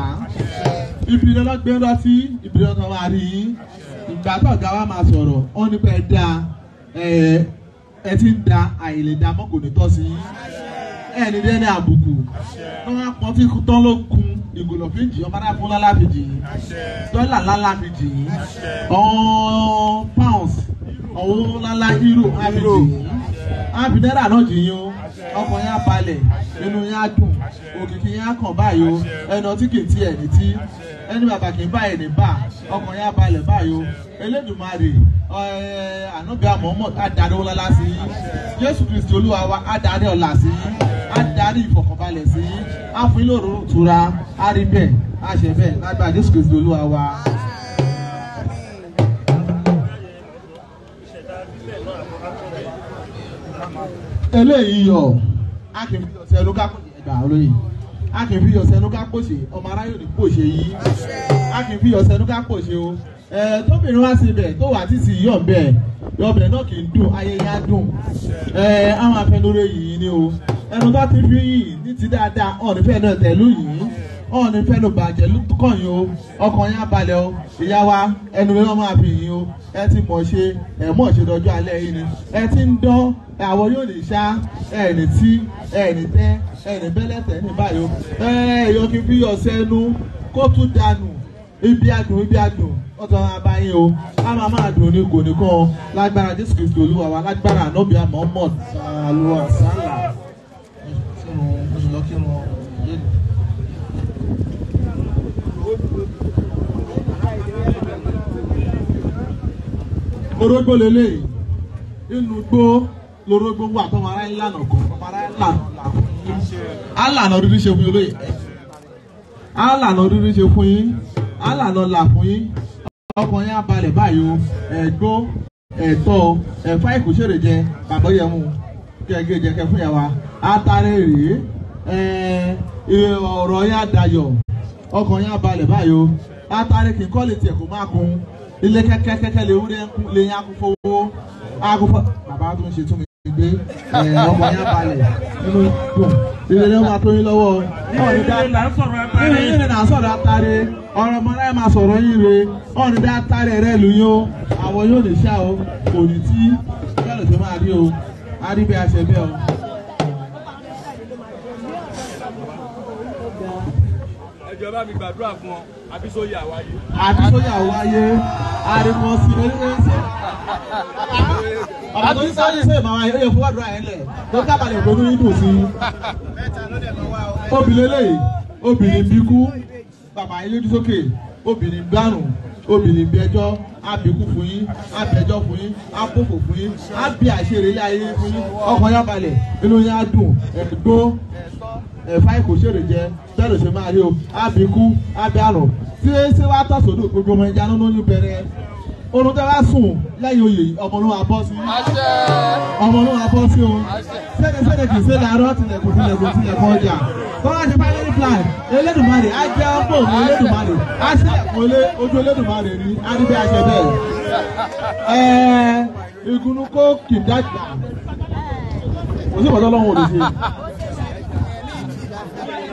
Speaker 1: ibi lọ́lá gbẹ́ńdọ́tí ibi lọ́lá máa rí yín ọ̀gá tọ̀gá wa máa sọ̀rọ̀ wọ́n ní pé ẹ ti ń da àìlè da mọ́ ní tọ́ sí yín ẹ ní àbùkù wọ́n á pọ́n tí tán ló kun ìgòlò fíjì ọmọ náà fún lálá fíjì dọ́là lálá fíjì ọ̀ọ́n pounds ọ̀wọ́ lálá euro fíjì yìí náírà náà jì yín o ọkàn yẹn á balẹ̀ inú yẹn á dùn òkìkí yẹn á kàn báyìí o ẹnu ọtí kì í ti ẹni tí ẹni bàbá kì í bá ẹni bá ọkàn yẹn á balẹ̀ báyìí o Elédùmarè ànábìá mọ́mọ́ adarí ọlá sí i Jésù Kristi Olúwa wa adarí ọlá sí i adarí ìfọ̀kànbalẹ̀ sí i á fún ilé òróró ìtura á rí bẹ́ẹ̀ á ṣe bẹ́ẹ̀ lágbàá Jésù Kristi Olúwa wa. eléyìí yọ a kì í fi ọ̀sẹ̀ ẹnu ká kò sí ẹgbàá olóyè a kì í fi ọ̀sẹ̀ ẹnu ká kò sí ọmọ aráyò ní kò ṣe yí a kì í fi ọ̀sẹ̀ ẹnu ká kò ṣe o ẹ tóbìnrin wá síbẹ̀ tó wà títí yọ̀ bẹ́ẹ̀ ọbẹ̀ náà kì í dùn ayẹyẹ á dùn àwọn afẹnurẹ yìí ni o ẹnu bá ti fi yìí ní ti dáadáa ọ̀nìfẹ́ náà tẹ̀lú yìí wọn ò ní fẹ́ ló bàjẹ́ lókàn yín o ọkàn yín abalẹ̀ o ìyá wa ẹnu rẹ̀ máa fi yín o ẹ ti mọ̀ ṣe ẹ mọ̀ ṣe dọjọ́ alẹ́ yìí ni ẹ ti ń dán àwọ̀ yóò ní ṣá ẹ tí ẹ tẹ́ ẹ bẹ́lẹ̀tẹ̀ ní báyìí o ẹ ẹ̀yọ́ kí fi yọ̀ sẹ́nu kó tún dànù ibi adùn ibi adùn ọ̀tọ̀ máa bá yín o a máa máa dùn ní kò nìkan lágbára Jésù Kristi Olúwa wa lágbára ànábìà mọ́mọ́ sàlùwà sàlà. orógbó lele, inú gbó lórógbó wà tọ́mọ aráyé lànà kan tọ́mọ aráyé lànà làkùn yín alànà rírí ṣe fún yín olóyè alànà rírí ṣe fún yín alànà làkùn yín ọkùnrin á balẹ̀ báyìí o ẹ̀gbó ẹ̀tọ́ ẹ̀fá ìkùsèrè jẹ bàbá yẹ mu kẹ̀kẹ́ jẹ kẹ fún yà wa atare rèé ẹ̀ ọ̀rọ̀ yẹn adayọ̀ ọkùnrin á balẹ̀ báyìí o atare kì í tiẹ̀ kó má kún ilé kẹ́kẹ́ kẹ́kẹ́ lèwúrẹ́ ń kú lẹ́yìn akófó owó akófó bàbá tó ń ṣe tún mi gbé ọmọ yẹn balẹ̀ nínú dùn ìrere máa tó yín lọ́wọ́ ọ̀rìn sọ̀rọ̀ atare ọ̀rọ̀ ọmọ náà máa sọ̀rọ̀ yín re ọ̀rìn dá atare rẹ̀ yín o àwọn yóò lè ṣá o kò ní tí bẹ́ẹ̀ ló ṣe máa rí o a rí bí a bẹ́ẹ̀ o.
Speaker 5: jọ bá mi gbàdúrà fún ọ àbí sóyè àwáyé. àbí
Speaker 4: sóyè àwáyé
Speaker 1: àrìmọ̀ sí oríṣiríṣi.
Speaker 4: bàbá tó ń sáré sèé màmá yẹn yóò fún wàdúrà
Speaker 1: yẹn lẹ̀ tó dábàlẹ̀ ìbòmí nínú sí i. obìnrin lẹ́yìn obìnrin bíkú bàbá yẹn lójú sókè obìnrin gbárùn obìnrin bẹjọ́ abìkú fún yín abẹjọ́ fún yín abòfò fún yín abì àṣírí ilé ayé fún yín ọkàn yá balẹ̀ inú yín á dùn ẹ̀gbọ́n ẹ̀fá ikò ṣèrè jẹ bẹ́ẹ̀ ṣe máa rí o àbí ikú àbí àrùn tí ṣé wàá tọ̀ sódò gbogbo ọmọ ẹja nínú oyún bẹ̀rẹ̀ orun tẹ́ wá sùn lẹ́yìn oyè ọmọ ló bọ́ sí ọmọ ló bọ́ sí o ṣéde kì í ṣe làárọ̀ tilẹ̀kùn tilẹ̀kùn tilẹ̀kùn ọjà bọ́lá ti bá lẹ́yìn plan Elédùmarè á jẹ́ ọgbọ́n òun Elédùmarè á sílẹ̀kùn olé ojú Elédùmarè ní adíbẹ́ àṣẹ bẹ́ẹ̀ ẹ̀ẹ́ ìgúnnukó kìdájà kò sí ìbọ̀dọ́ lọ́wọ́ òdòdó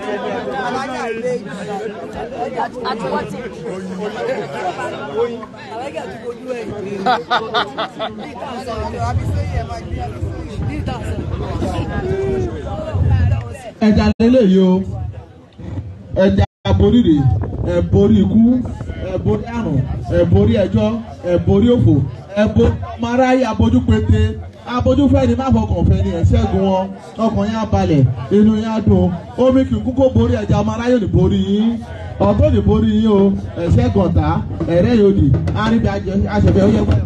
Speaker 1: àti
Speaker 4: wọ́n ti àwẹ́gà tó kojú ẹ̀ bí ìtàn sọ̀rọ̀ lọ abísẹ́yìn
Speaker 5: ẹ̀ máa gbé bí ìtàn sọ̀rọ̀.
Speaker 1: ẹja lélẹ̀ yìí o ẹja borí rè ẹ borí ikú ẹ borí àrùn ẹ borí ẹjọ́ ẹ borí òfò ẹ borí ọmọ aráyé abojú pété abojúfẹ́ ni má fọkàn fẹ́ ni ẹ̀ṣẹ́gun wọn ọkàn yẹn á balẹ̀ inú yẹn á dùn omi kì í kú kó borí ẹja ọmọ aráyé ní borí yín ọ̀tọ̀ ní borí yín o ẹ̀ṣẹ́gun ọ̀tá ẹ̀rẹ́ yóò dì áríbi àṣẹfẹ́ ó yẹ kó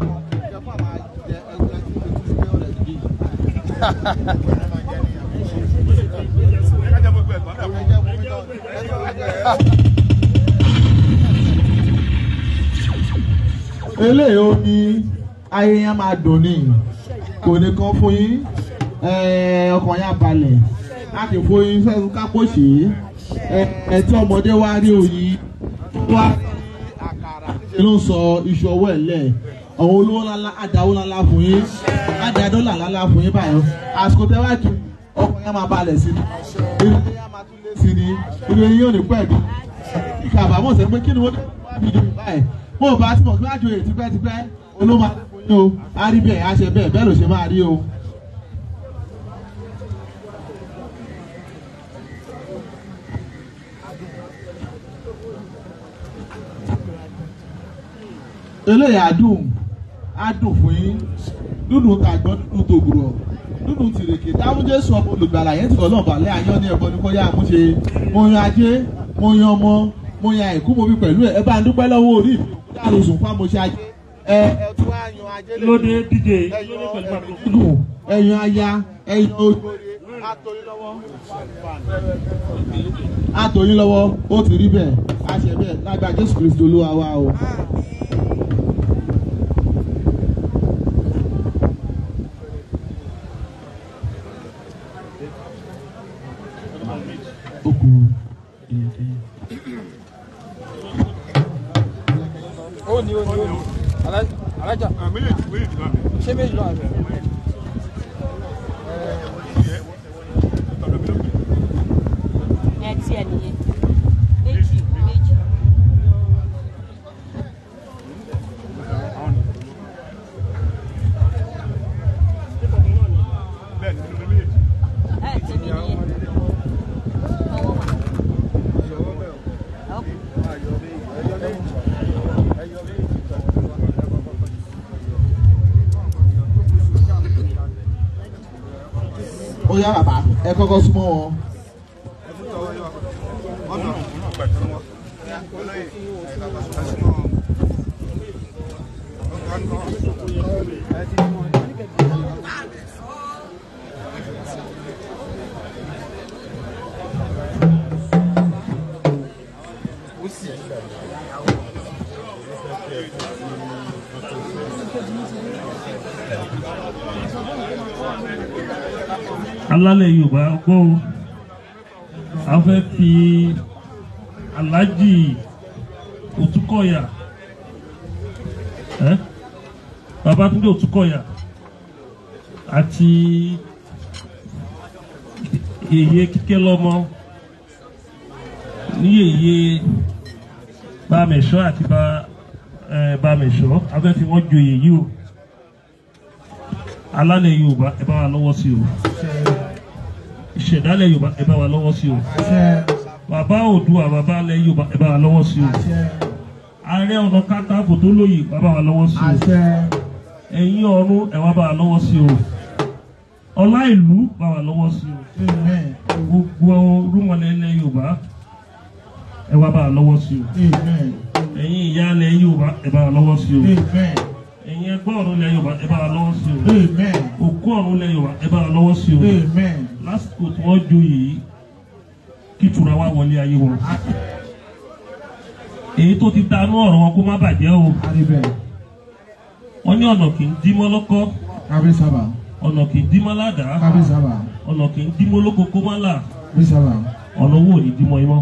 Speaker 1: eléyìí ó ní ayé yẹn máa dùn ní kò ní kán fún yín ọkàn yà balẹ̀ láti fún yín sẹ́yìn kápòṣì ẹtí ọmọdé wá rí òyì wá àkàrà ló ń sọ iṣu ọwọ́ ẹ̀ lẹ̀ àwọn olówó lálá àdáwó lálá fún yín àdádọ́là lálá fún yín báyọ̀ àsìkò tẹ́wá tu ọkàn yà máa balẹ̀ sí ni irú yà máa tún lé sí ni irú yín ò ní pẹ̀lú ìkàbàmọ̀ sẹ́ pé kí ni wọ́n dé wá bí ìdòwò báyìí mo bá ti mọ̀ kí wọ́n á jo èyí tipẹ́tipẹ́ olóma ni o a rí bẹ́ẹ̀ a ṣe bẹ́ẹ̀ bẹ́ẹ̀ ló ṣe máa rí o. eléyà adùn adùn fún yín dúdú tàgbọ́n dúdú tògbùrọ̀ dúdú tìrèké táwọn jésù ọmọ olùgbàlà yẹn ti lọ́ lọ́ọ̀bà lẹ́ àyàn ní ẹ̀bọ ní kọ́yà àmúṣe mo yan ajé mo yan ọmọ mo yan àìkú mo fi pẹ̀lú ẹ̀ ẹ bá ń dúpẹ́ lọ́wọ́ orí ìfìyà lóṣù fún àmúṣe ajé lóde díje lóde pẹ̀lú àkókò ẹ̀yàn aya ẹ̀yàn ojú àtòyìn lọ́wọ́ ó ti rí bẹ́ẹ̀ àṣẹ bẹ́ẹ̀ lágbà Jésù Kristi Olúwa wa o.
Speaker 5: ó ní ó ní ó ní.
Speaker 4: vous.
Speaker 1: É kọ́kọ́ súnmọ́ wọn.
Speaker 2: lálẹ́ Yorùbá gbọ́ o a fẹ́ fi Alhaji Òtúkọ̀yà ẹ́ Babátúndé Òtúkọ̀yà àti èyí kíkẹ́ lọ́mọ ní èyí bámẹ̀ṣọ́ àti bámẹ̀ṣọ́ afẹ́ fi wọ́n joyè yìí o alálẹ̀ Yorùbá ẹ bá wa lọ́wọ́ sí o ṣẹ̀dálẹ̀ Yorùbá ẹ bá wa lọ́wọ́ sí o bàbá Oòduà bàbá alẹ̀ Yorùbá ẹ bá wa lọ́wọ́ sí o ààrẹ ọ̀nà kátàkù tó lóyè bàbá wa lọ́wọ́ sí o ẹ̀yin ọ̀run ẹ wá bá wa lọ́wọ́ sí o ọlá ìlú bá wa lọ́wọ́ sí o gbogbo rúmọlẹ̀ ilẹ̀ Yorùbá ẹ wá bá wa lọ́wọ́ sí o ẹ̀yin ìyá ilẹ̀ Yorùbá ẹ bá wa lọ́wọ́ sí o ẹ̀yin ẹgbẹ́ ọ̀run ilẹ̀ Yorùbá ẹ bá wa lọ́wọ́ sí o òkú ọ̀run ilẹ̀ Yorùbá ẹ bá wa lọ́wọ́ sí o lásìkò tí wọ́n joyè yìí kí ìtura wá wọlé ayé wọn. èyí tó ti dànù ọ̀rọ̀ wọn kó má bàjẹ́ o. wọ́n ní ọ̀nà kì í dímọ́ lọ́kọ́. ọ̀nà kì í dímọ́ ládàá. ọ̀nà kì í dímọ́ lóko kó má là. ọ̀nà owó ò ní dímọ́ imọ́.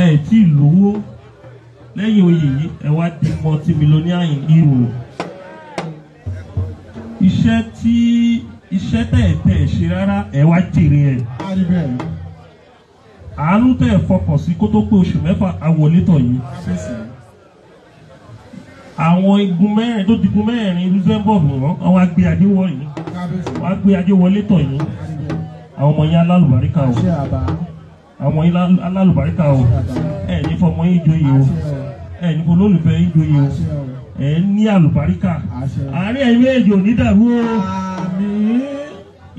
Speaker 2: ẹ ẹ̀ tí ì lówó lẹ́yìn oyè yìí ẹ wá di mọ́tí mílíọ̀nì àyìn ìrò. iṣẹ́ tí iṣẹ́ tẹ̀ ẹ̀ tẹ̀ ẹ̀ ṣe rárá ẹ̀ wá jèrè ẹ̀. àánú tẹ̀ ẹ̀ fọkàn sí kó tó pé oṣù mẹ́fà àwọlé tọ̀ yìí. àwọn igun mẹ́rin tó digun mẹ́rin Luxembourg wọn àwọn agbé adé wọ̀ yìí wọ́n agbé adé wọlé tọ̀ yìí àwọn ọmọ yẹn alálùbáríkà o àwọn yẹn alálùbáríkà o ẹ̀ ní fọmọ yẹn joyè o ẹ̀ ní olólùfẹ́ yẹn joyè o ẹ̀ ní àlùbáríkà àárín ẹ̀yìn méjì ní dàrú o. Ah àmín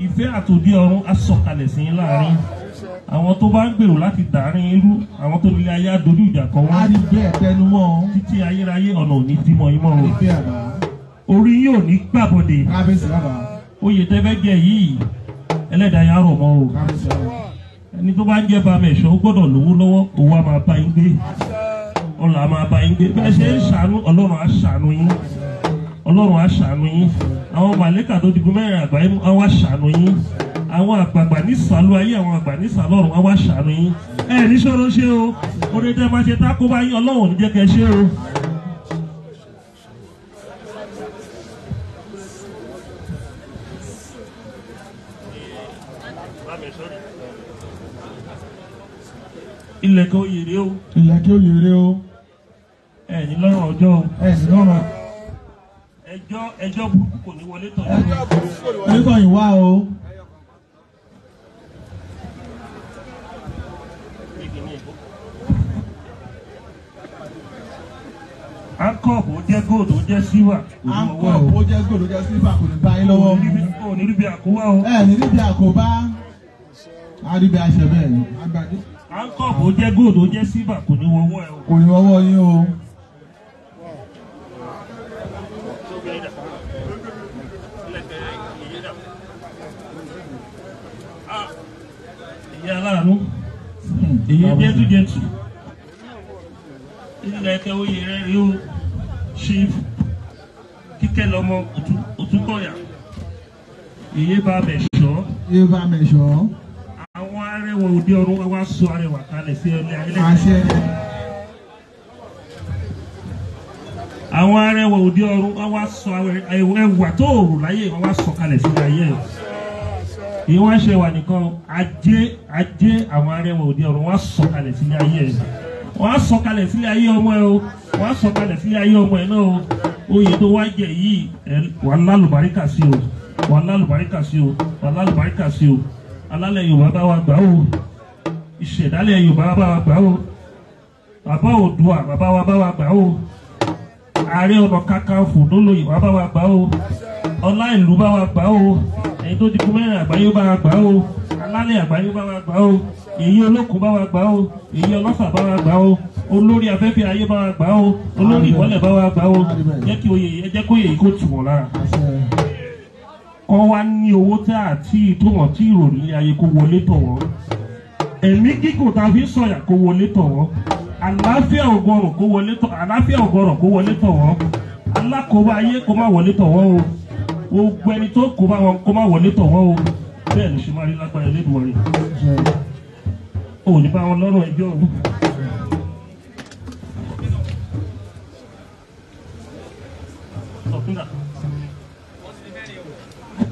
Speaker 2: ìfẹ́ àtòdí ọ̀run á sọ̀kalẹ̀ sí yín láàrin àwọn tó bá ń gbèrò láti dàárín irú àwọn tó nílé ayé àdojú ìjà kan wọn. a ní bẹ́ẹ̀ tẹnu mọ́ ọ. títí ayérayé ọ̀nà ò ní tìmọ̀ yín mọ́ o. orí yín ò ní gbàbọ̀dẹ̀. oyè tẹ́fẹ́ jẹ yìí ẹlẹ́dàá yà rọ̀ mọ́ o. ẹni tó bá ń jẹ́ bàmẹ̀ ẹ̀ṣọ́ ó gbọ́dọ̀ lówó lọ́wọ́ òun á máa bá yín gbé. ọlọ́ á máa bá yín gbé. bẹ́ẹ̀ ṣe ń ṣàánú ọlọ́run á ṣàánú yín ọlọ́run á ṣàánú yín àwọn màlẹ́kà tó digun mẹ́rin àgbáyé á wá ṣàánú yín àwọn àgbààgbà nísàlú ayé àwọn àgbà nísàlọ́run á wá ṣàánú yín ẹ ní sọ̀rọ̀ ṣe o oore tẹ́ máa ṣe tákó bá yín ọlọ́run ò ní jẹ́ kẹ́ ṣe o. ilẹ̀kẹ̀ oyèrè o. ilẹ̀kẹ̀ oyèrè o.
Speaker 1: ẹ̀yin lọ́rùn ọjọ́. ẹ̀yin lọ́rùn
Speaker 2: ẹjọ́ ẹjọ́ burúkú kò ní wọlé tọ̀
Speaker 1: yìí. onítọ̀yìn wá o. ankọọpù ó jẹ góòlù ó jẹ sílvà. ankọọpù ó jẹ góòlù ó jẹ sílvà kò ní bá yín lọ́wọ́ mu. o ní níbi àkóbá o. ẹ ní níbi àkóbá àríbi àṣẹ bẹ́ẹ̀ ni. ankọọpù jẹ góòlù jẹ sílvà kò ní wọ́wọ́ ẹ o. kò ní wọ́wọ́ yín o.
Speaker 2: jẹ́ aláàánú èyí jẹ́tùjẹ́tù nígbà ẹ̀kẹ́ oyè rẹ̀ rí o ṣe kíkẹ́ lọ́mọ òtúkọ̀yà èyí bá bẹ̀ ṣọ́. èyí bá bẹ̀ ṣọ́. àwọn arẹwà òde ọ̀run wa sọ arẹwà kalẹ̀ sí ẹni ayélujára. àwọn arẹwà òde ọ̀run sọ ẹwà tó òrùn láyé wa sọ kalẹ̀ sí ayélujára kì í wá ṣe wà nìkan ajé ajé àwọn arẹwà òde ọ̀run wọ́n á sọ kalẹ̀ sílé ayé ẹ̀ wọ́n á sílé ayé ọmọ ẹ o wọ́n á sọ kalẹ̀ sílé ayé ọmọ ẹ náà o oyè tó wá jẹ yìí wà lálùbáríkà sí o wà lálùbáríkà sí o wà lálùbáríkà sí o alálẹ̀ Yorùbá bá wa gbà o ìṣẹ̀dálẹ̀ Yorùbá bá wa gbà o bàbá Oòduà bàbá wa bá wa gbà o ààrẹ ọ̀nà kakanfò ló lóyè bá wa gbà o èyí tó di kúmẹ́rin àgbáyé bá wa gbà o alálẹ̀ àgbáyé bá wa gbà o èyí olókùn bá wa gbà o èyí ọlọ́fà bá wa gbà o olórí afẹ́fẹ́ ayé bá wa gbà o olórí ìmọ́lẹ̀ bá wa gbà o jẹ́ kí oyè ẹ jẹ́ kó yè yìí kó tù wọ́n lára kọ́ wa ní owó tá a ti tó wọ́n tí ìròyìn ayé kó wọlé tọ̀ wọ́n ẹ̀mí gígùn tá a fi sọ̀yà kó wọlé tọ̀ wọ́n àlàáfíà ọgọ́rùn kó wọlé tọ̀ wọ́n alákòóbá gbogbo ẹni tó kó bá wọn kó má wọlé tọ̀ wọ́n o bẹ́ẹ̀ ló ṣe máa rí lágbára ẹlẹ́dùn rẹ̀ o ò ní bá wọn lọ́rùn ẹjọ́ o.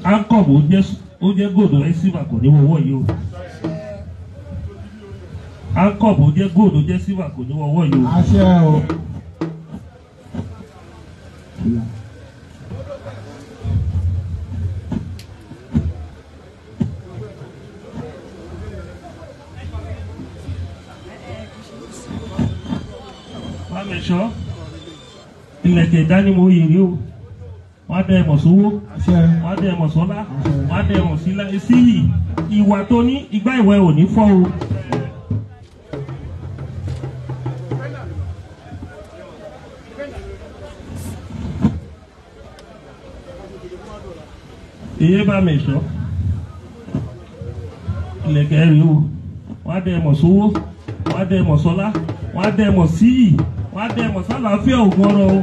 Speaker 2: ankọ̀bù ó jẹ́ góòdù rẹ̀ sílvà kò ní wọ́wọ́ yìí o ankọ̀bù ó jẹ́ góòdù jẹ́ sílvà kò ní wọ́wọ́ yìí o. ẹ̀ṣọ́ ìlẹ̀kẹ̀ ìdánimọ̀ oyè rí o wọ́n á dẹ̀ ẹ̀mọ̀ sówó wọ́n á dẹ̀ ẹ̀mọ̀ sọ́lá wọ́n á dẹ̀ ẹ̀mọ̀ sílá síyì ìwà tó ní igbá ìwẹ ò ní fọ́ o. iye bá mi sọ ìlẹ̀kẹ̀ rí o wọ́n á dẹ̀ ẹ̀mọ̀ sówó wọ́n á dẹ̀ ẹ̀mọ̀ sọ́lá wọ́n á dẹ̀ ẹ̀mọ̀ síyì wàá bẹ wọ̀sán làáfíà ògùn ọ̀rọ̀ o.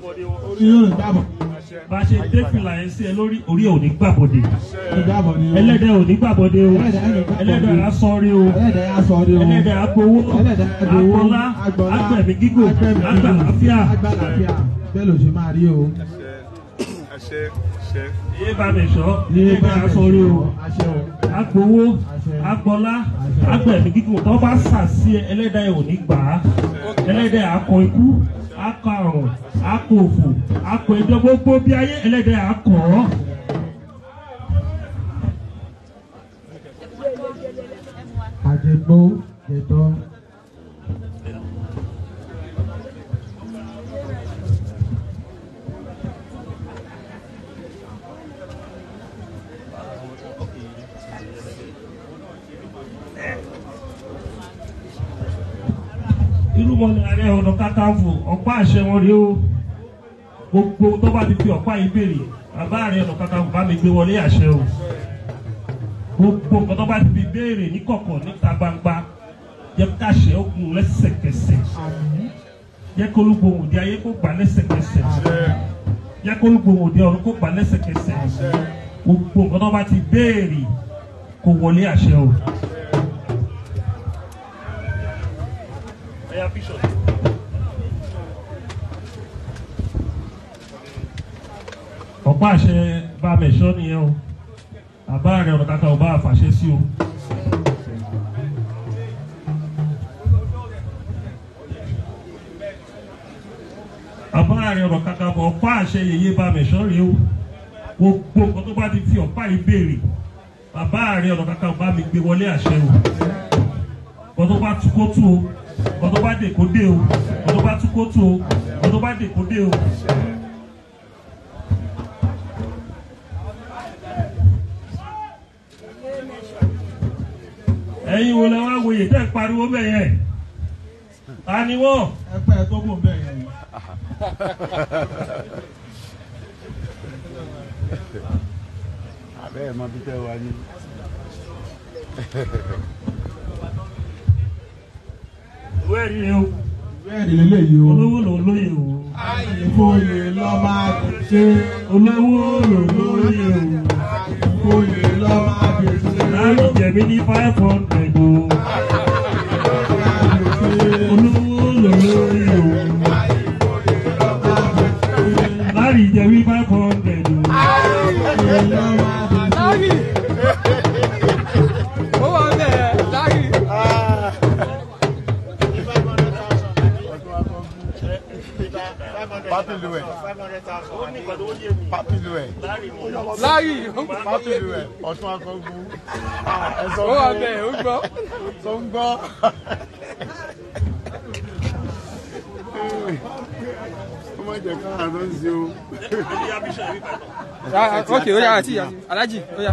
Speaker 2: yóò dábọ̀. bá a ṣe dé fìlà yẹn sí ẹ lórí orí òní gbàbọ̀dé ẹlẹ́dẹ̀ òní gbàbọ̀dé o ẹlẹ́dẹ̀ asọ́rí o ẹlẹ́dẹ̀ agbowó agbọ́lá agbẹ̀mí gígùn agbàláfíà
Speaker 1: bẹ́ẹ̀ ló ṣe máa rí o
Speaker 2: àṣẹ àṣẹ. yé bá mi sọ yé bá a sọrí o agbowó agbọlá agbẹ̀mí gígùn tó bá sàsí ẹlẹ́dàá ò ní gbà á ẹlẹ́dàá akọ ikú akọ àrùn akọ òfò akọ ẹjọ́ gbogbo bí ayé ẹlẹ́dàá akọ ọ́.
Speaker 4: àjẹgbó jẹtọ.
Speaker 2: olúmọlẹ ààrẹ ọ̀nà kakanfò ọ̀pá àṣẹ wọn rèé o gbogbo tó bá ti fi ọ̀pá yìí béèrè bàbá ààrẹ ọ̀nà kakanfò bá mi gbé wọlé àṣẹ o gbogbo nǹkan tó bá ti fi béèrè ní kọ̀kọ̀ níta gbangba jẹ́ káṣẹ ogun lẹ́sẹ̀kẹsẹ̀ jẹ́ kí olúgbòhùndé ayé kó gbà lẹ́sẹ̀kẹsẹ̀ jẹ́ kí olúgbòhùndé ọ̀run kó gbà lẹ́sẹ̀kẹsẹ̀ gbogbo nǹkan tó bá ti béèrè kó wọlé àṣẹ o. Ja piszę. ọ̀pá àṣẹ bá mẹ̀ṣọ́ nìyẹn o àbá rẹ̀ ọ̀nà kàkà ọba àfàṣẹ sí o. àbá rẹ̀ ọ̀nà kàkà ọ̀pá àṣẹ yẹyẹ bá mẹ̀ṣọ́ rẹ̀ o gbogbo nǹkan tó bá ti fi ọ̀pá yìí béèrè bàbá rẹ̀ ọ̀nà kàkà ọba mi gbé wọlé àṣẹ o nǹkan tó bá tukọ́ tu o ọ̀tọ̀ bá dè kó dé o ọ̀tọ̀ bá tú kó tú o ọ̀tọ̀ bá dè kó dé o. ẹ̀yin wo lẹ wá wòye tẹ́ ń pariwo bẹ́ẹ̀ yẹn ta ni wọ́n.
Speaker 1: ẹ pẹ́ ẹ tó bò bẹ́ẹ̀ yẹn. abẹ́ ẹ̀ mọ bí tẹ́ wá ní
Speaker 2: ìwé ẹ̀rí yẹn o. ìwé ẹ̀rí lélẹ́yìí o. olówó ló lóye o. àyèfóye lọ́mọ àdùnṣe. olówó ló lóye o. àyèfóye lọ́mọ àdùnṣe. náà ló jẹ̀mí ní five hundred o. olówó ló lóye o. àyèfóye lọ́mọ àdùnṣe. láàrin jẹ̀mí five hundred o. àyèfóye lọ́mọ àdùnṣe.
Speaker 4: Papiluwe.
Speaker 1: Papiluwe. Láyì. Papiluwe. Ọ̀tún
Speaker 5: akọ́gbó. Ẹ̀sọ́ gbó. Ó wà bẹ́ẹ̀, ó gbọ́. Tó ń gbọ́.
Speaker 1: Ó má jẹ́ ká àná ń ṣe o. Ah, ah, ok, ó yà àti
Speaker 2: Alájì, ó yà.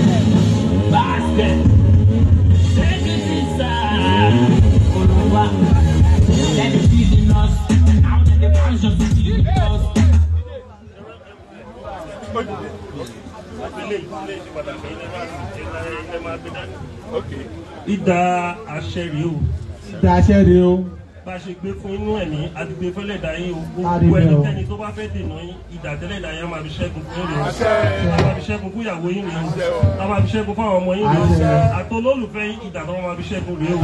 Speaker 2: ìdá àṣẹ rèé o. ìdá àṣẹ rèé o. bá a ṣe gbé fún inú ẹ̀ ní àdìgbé fẹ́lẹ̀ dá yín o gbogbo ẹnikẹ́ni tó bá fẹ́ dènà yín ìdá tẹ́lẹ̀ dá yín a máa fi ṣẹ́gun fún yín rèé o a máa fi ṣẹ́gun fún ìyàwó yín rèé o a máa fi ṣẹ́gun fún àwọn ọmọ yín rèé o àtolólùfẹ́ yín ìdá tó máa fi ṣẹ́gun rèé o.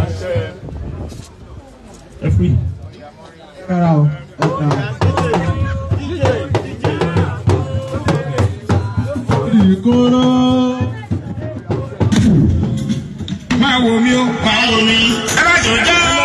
Speaker 1: ẹ fún yìí. kára o ẹ kára o. ìkóró wò mí o.
Speaker 5: máa wò mí. ẹ bá jọ jẹ́.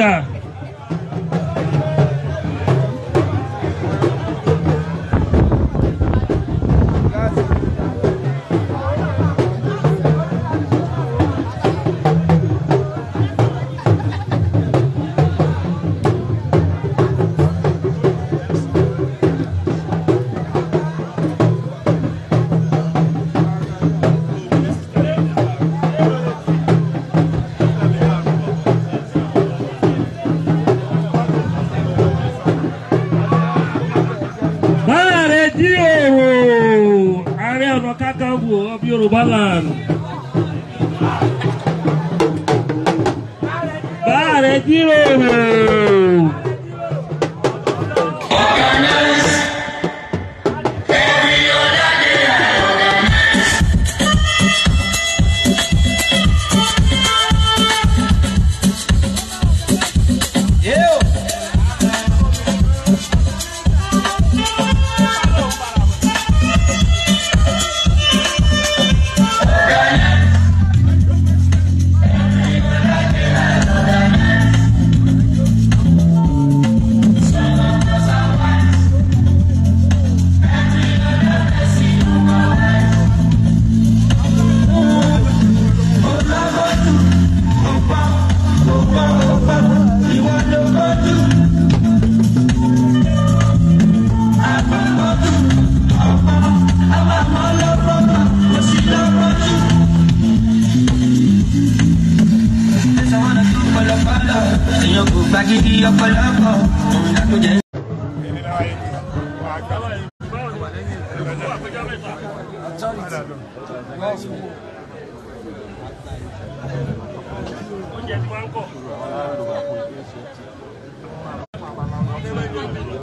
Speaker 2: da no